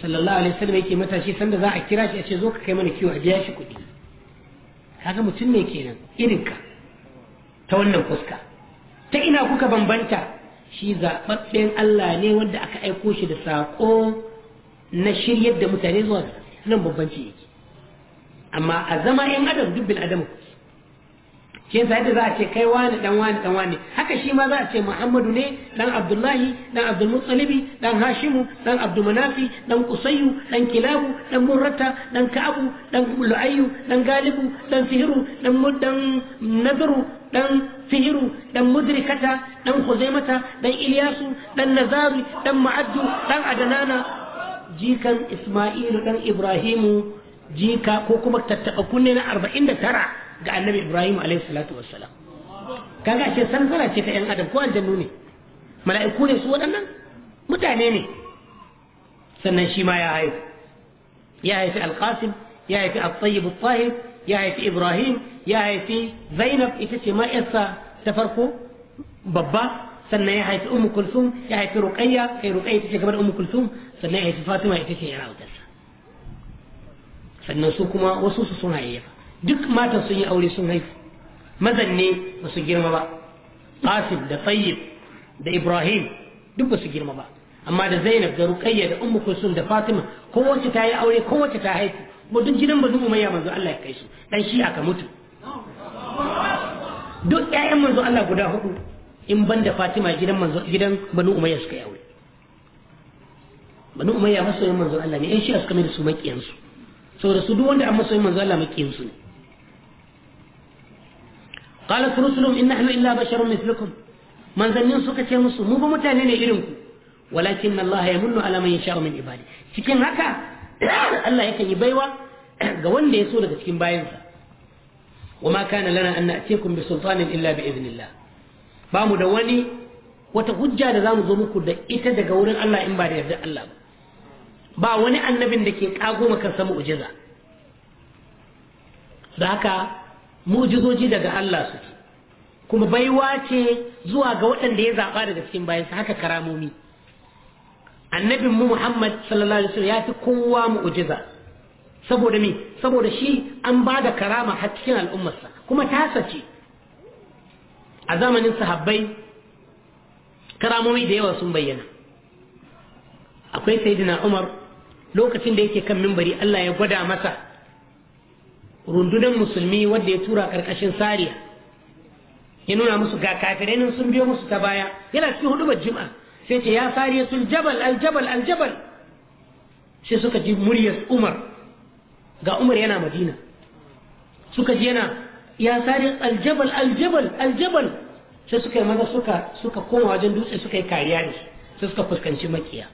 sallallahu alaihi wasallam yake matashi sanda za a kira shi a ce zo ka kai mana kiwo a biya shi kuɗi kaga mutum ne kenan irin ka. ta wannan fuska ta ina kuka bambanta shi zaɓaɓɓen Allah ne wanda aka aiko shi da saƙo na shiryar da mutane zuwa nan bambanci yake amma a zama yan adam duk bil adam ke yadda za a ce kai wani dan wani dan wani haka shi ma za a ce muhammadu ne dan abdullahi dan abdulmutsalibi dan hashimu dan abdulmanafi dan kusayyu dan kilabu dan murrata dan ka'abu dan lu'ayyu dan galibu dan sihiru dan nazaru dan fihiru dan mudrikata dan khuzaimata dan ilyasu dan nazari dan ma'addu dan adanana jikan isma'ilu dan ibrahimu jika ko kuma tattaɓa kunne na 49 ga annabi ibrahim alaihi salatu wassalam kaga ce sansara ce ta yan adam ko aljannu ne mala'iku ne su waɗannan mutane ne sannan shi ma ya haihu ya haifi alqasim ya haifi at-tayyib at-tahir ya haifi ibrahim ya haifi zainab ita ce ma'yarsa ta farko babba sannan ya haifi ummu kulsum ya haifi ruqayya kai ruqayya ita ce gabar ummu kulsum sannan ya haifi fatima ita ce yar autarsa sannan su kuma wasu su sun hayayyafa duk matan sun yi aure sun haifu mazan ne ba su girma ba qasim da tayyib da ibrahim duk ba su girma ba amma da zainab da ruqayya da ummu kulsum da fatima kowace ta yi aure kowace ta haifi mu duk gidan banu umayya manzo Allah ya kai su dan shi aka mutu duk ƴaƴan manzo Allah guda hudu in ban da Fatima gidan manzo gidan banu umayya suka yi aure banu umayya masoyin manzo Allah ne ƴan shi suka mai da su makiyansu saboda su duk wanda an masoyin manzo Allah su ne qalat rusuluhum in nahnu illa basharun mithlukum manzannin suka ce musu mu ba mutane ne irin ku walakin Allah ya munnu ala man yasha min ibadi cikin haka Allah yakan yi baiwa ga wanda ya so daga cikin bayansa wa ma kana lana an na'tikum bi sultanin illa bi idnillah ba mu da wani wata hujja da zamu zo muku da ita daga wurin Allah in ba da yarda Allah ba ba wani annabin da ke kago maka samu mu'jiza da haka mu'jizoji daga Allah suke kuma baiwa ce zuwa ga waɗanda ya zaɓa daga cikin bayansa haka karamomi annabin mu Muhammad sallallahu alaihi wasallam ya fi kowa mu'jiza saboda me saboda shi an ba da karama har cikin al'ummarsa kuma ta sace a zamanin sahabbai karamomi da yawa sun bayyana akwai sayyidina Umar lokacin da yake kan mimbari Allah ya gwada masa rundunar musulmi wadda ya tura karkashin sariya ya nuna musu ga kafirai sun biyo musu ta baya yana cikin hudubar jima'a sai ce ya sariyatul jabal aljabal aljabal sai suka ji muryar umar ga umar yana madina suka ji yana ya sariyar aljabal aljabal aljabal sai suka yi maza suka suka koma wajen dutse suka yi kariya da sai suka fuskanci makiya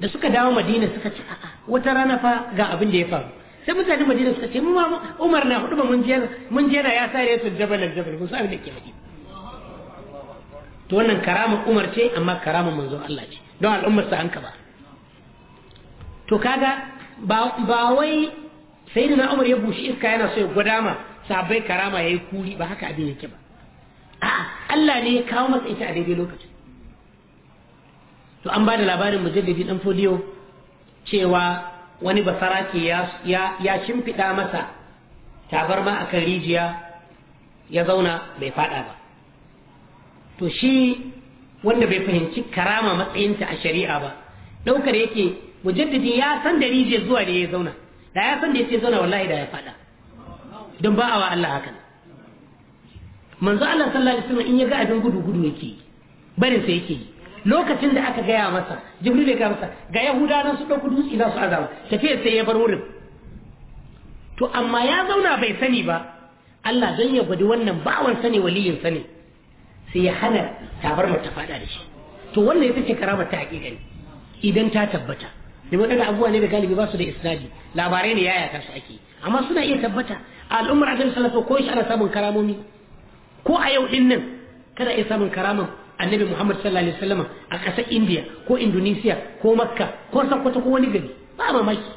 da suka dawo madina suka ce a'a wata rana fa ga abin da ya faru sai mutane madina suka ce mu ma umar na hudu ba mun je mun je na ya sare su jabal jabal mun san da ke madina to wannan karama umar ce amma karamar manzo Allah ce don al'ummar sa hanka ba to kaga ba wai sayyidina umar ya bushi iska yana so ya gwadama sabai karama yayi kuri ba haka abin yake ba a'a Allah ne ya kawo masa ita a daidai lokacin to an ba da labarin mujaddidi dan fodiyo cewa wani basarake ya ya shimfiɗa masa tabarma akan rijiya ya zauna bai faɗa ba to shi wanda bai fahimci karama matsayinta a shari'a ba ɗaukar yake mujaddidi ya san da rije zuwa da ya zauna da ya san da ya zauna wallahi da ya faɗa don ba a wa Allah hakan manzo Allah sallallahu alaihi wasallam in ya ga abin gudu gudu yake barin sa yake lokacin da aka gaya masa jibril ya ga masa ga yahuda nan su dauki dutse za su azama tafiya sai ya bar wurin to amma ya zauna bai sani ba Allah don ya gwadi wannan bawan sani waliyin sani sai ya hana tabarmar ta fada da shi to wannan ya ce karamar ta hakika ne idan ta tabbata domin waɗanda abubuwa ne da galibi ba su da isnadi labarai ne yaya ta su ake amma suna iya tabbata al'ummar annabi sallallahu ko shi ana samun karamomi ko a yau din nan kada iya samun karamar annabi muhammad sallallahu alaihi wasallam a ƙasar indiya ko indonesia ko makka ko sakkwato ko wani gari ba mamaki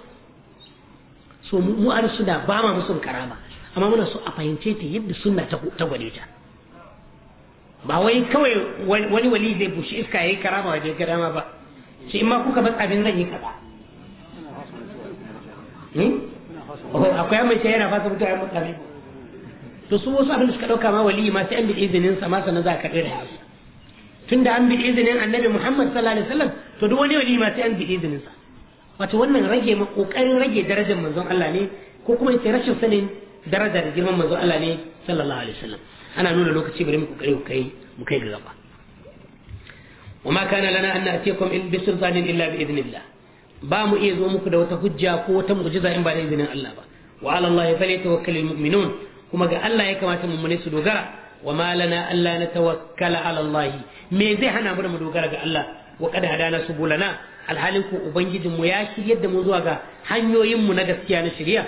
so mu an suna ba ma musun karama amma muna so a fahimce ta yadda sunna ta gwade ba wai kawai wani wali zai bushe iska yi karama waje ga ba shi in ma kuka bas abin zan yi kaza hmm? akwai yamma shi yana fasa mutuwa mutane to su wasu abin da suka dauka ma wali ma sai an bi izinin sa ma sannan za ka karbi tun tunda an bi izinin annabi Muhammad sallallahu alaihi wasallam to duk wani wali ma sai an bi izinin sa wato wannan rage ma kokarin rage darajar manzon Allah ne ko kuma ce rashin sanin darajar girman manzon Allah ne sallallahu alaihi wasallam ana nuna lokaci bari mu kokari mu kai mu kai gaba wa ma kana lana an na'tiyakum in bisultanin illa bi ba mu iya zo muku da wata hujja ko wata mu'jiza in ba da izinin Allah ba wa ala Allah falyatawakkalul mu'minun kuma ga Allah ya kamata mune su dogara wa ma lana alla natawakkala ala Allah me zai hana mu da mu dogara ga Allah wa qad hadana subulana alhalin ku ubangijin mu ya shiryar da mu zuwa ga hanyoyin mu na gaskiya na shirya?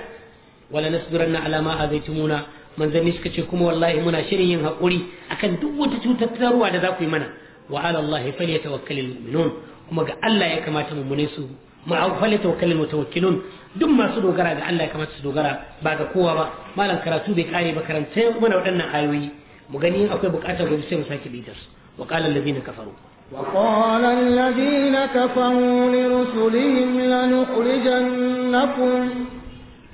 wala nasduranna ala ma azaitumuna manzanni suka ce kuma wallahi muna shirin yin haƙuri akan duk wata cutattarwa da za ku yi mana wa ala Allah falyatawakkalul mu'minun kuma ga Allah ya kamata mummune su ma falyatawakkalul mutawakkilun duk masu dogara ga Allah ya kamata su dogara ba ga kowa ba malam karatu bai kare ba karanta mana waɗannan ayoyi mu gani akwai buƙatar gobe sai mu sake bitar wa qala allazina kafaru وقال الذين كفروا لرسلهم لنخرجنكم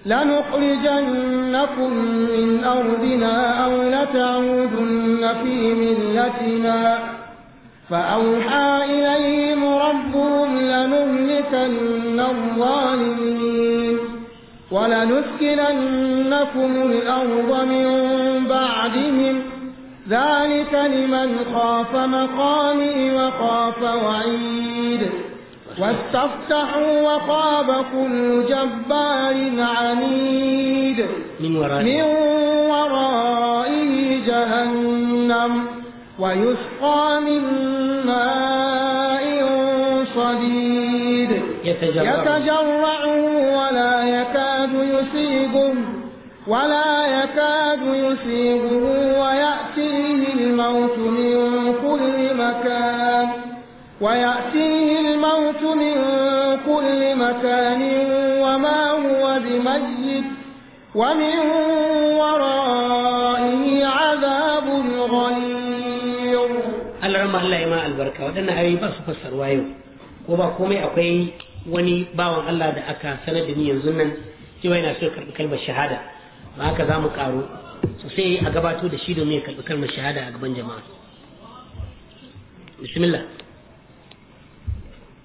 لنخرجنكم من أرضنا أو لتعودن في ملتنا فأوحى إليهم ربهم لنهلكن الظالمين ولنسكننكم الأرض من بعدهم ذلك لمن خاف مقامي وخاف وعيد واستفتحوا وخاب كل جبار عنيد من ورائه, من ورائه جهنم ويسقى من ماء صديد يتجرع يتجرعه ولا يكاد يصيبه ولا يكاد يصيبه ويأتيه الموت من كل مكان ويأتيه الموت من كل مكان وما هو بمجد ومن ورائه عذاب غليظ العمى لا يماء البركة ودنا هاي بس فسر وايو وباكومي أقوي وني باو الله ده أكا سندني ينزمن تيوين أسوكر بكلمة الشهادة ما كذا مكارو سيئي أقباتو دشيدو ميكل بكلمة الشهادة أقبان جماعة بسم الله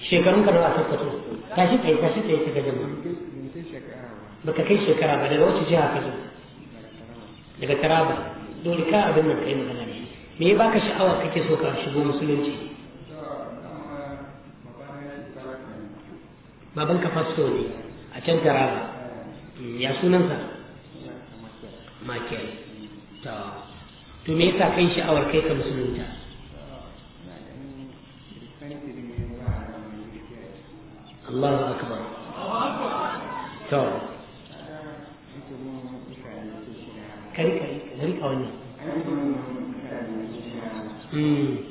shekarun ka da wasu shi ta tsaye tashi tsaye ta ba baka kai shekara ba daga wacce jiha ka zo daga taraba dole ka abin nan kai magana ne me ya baka sha'awa kake so ka shigo musulunci baban ka fasto ne a can taraba mm, ya sunansa makiyar to me yasa kai sha'awar kai ka musulunta Allahu akbar to kai kai kai ka wannan hmm.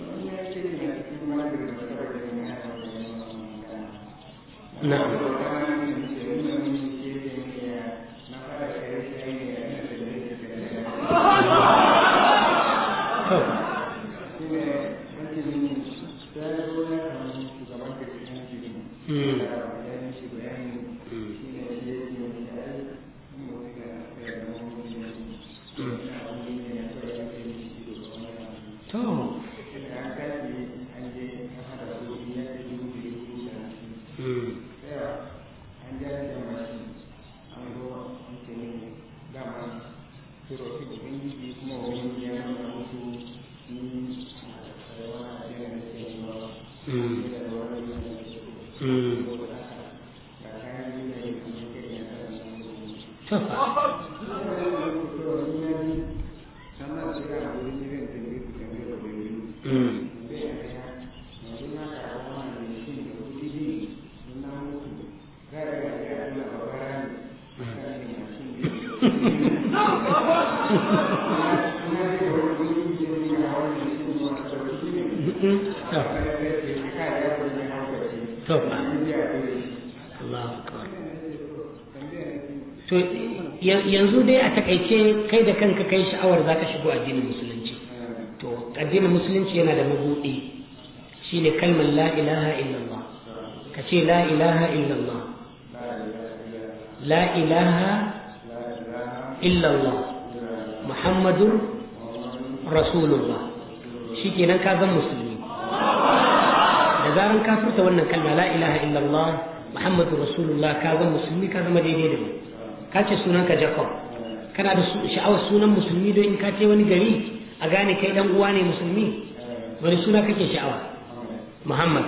kai da kanka kai sha'awar za ka shigo addinin musulunci to addinin musulunci yana da mabuɗi ne kalmar la ilaha illallah ka ce la ilaha illallah la ilaha illallah muhammadun rasulullah shikenan ka zan musulmi da zaran ka furta wannan kalma la ilaha illallah muhammadu rasulullah ka zan musulmi ka zama daidai da mu ka ce sunanka jacob kana da sha'awar sunan musulmi don in ka ce wani gari a gane kai dan uwa ne musulmi wani suna kake sha'awa muhammad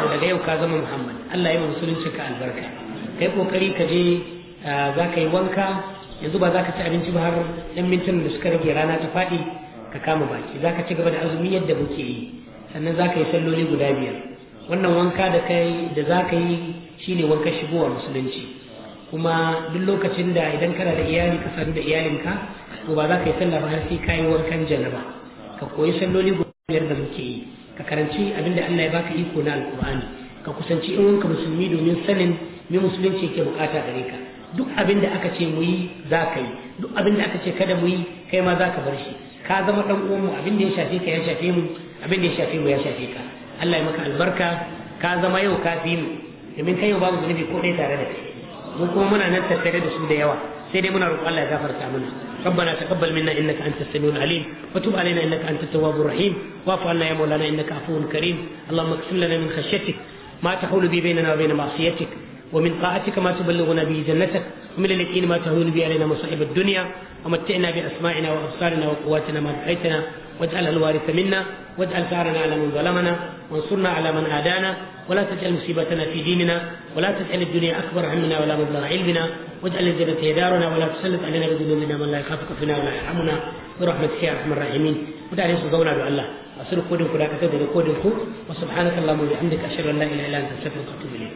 to daga yau ka zama muhammad allah ya musulunci ka albarka kai kokari ka je za ka yi wanka yanzu ba za ka ci abinci ba har ɗan mintunan da suka rage rana ta faɗi ka kama baki za ka ci gaba da azumi yadda muke yi sannan za ka yi salloli guda biyar wannan wanka da kai da za ka yi shine wankan shigowa musulunci kuma duk lokacin da idan kana da iyali ka sadu da iyalinka to ba za ka yi sallah ba har sai ka yi wankan janaba ka koyi salloli biyar da muke yi ka karanci abin da Allah ya baka iko na alkur'ani ka kusanci in wanka musulmi domin sanin me musulunci ke bukata gare ka duk abin da aka ce mu yi za ka yi duk abin da aka ce kada mu yi kai ma za ka bar shi ka zama dan uwan mu abin da ya shafe ka ya shafe mu abin da ya shafe mu ya shafe ka Allah ya maka albarka ka zama yau ka fi mu domin kai yau babu zunubi ko ɗaya tare da kai mu kuma muna nan tattare da su da yawa sai dai muna roƙon Allah ya gafarta mana ربنا تقبل منا انك انت السميع العليم وتب علينا انك انت التواب الرحيم واعف عنا يا مولانا انك عفو كريم اللهم اقسم لنا من خشيتك ما تحول به بيننا وبين معصيتك ومن طاعتك ما تبلغنا به جنتك ومن اليقين ما تهون به علينا مصائب الدنيا ومتعنا باسماعنا وابصارنا وقواتنا ما بقيتنا واجعل الوارث منا واجعل ثارنا على من ظلمنا وانصرنا على من آدانا ولا تجعل مصيبتنا في ديننا ولا تجعل الدنيا اكبر همنا ولا مبلغ علمنا واجعل الجنه دارنا ولا تسلط علينا بذنوبنا من لا يخافك فينا ولا يرحمنا برحمتك يا ارحم الراحمين ودعني su بأن الله Allah قدمك لا ku قدمك وسبحانك اللهم وبحمدك أشهد أن لا إله إلا أنت an la إليك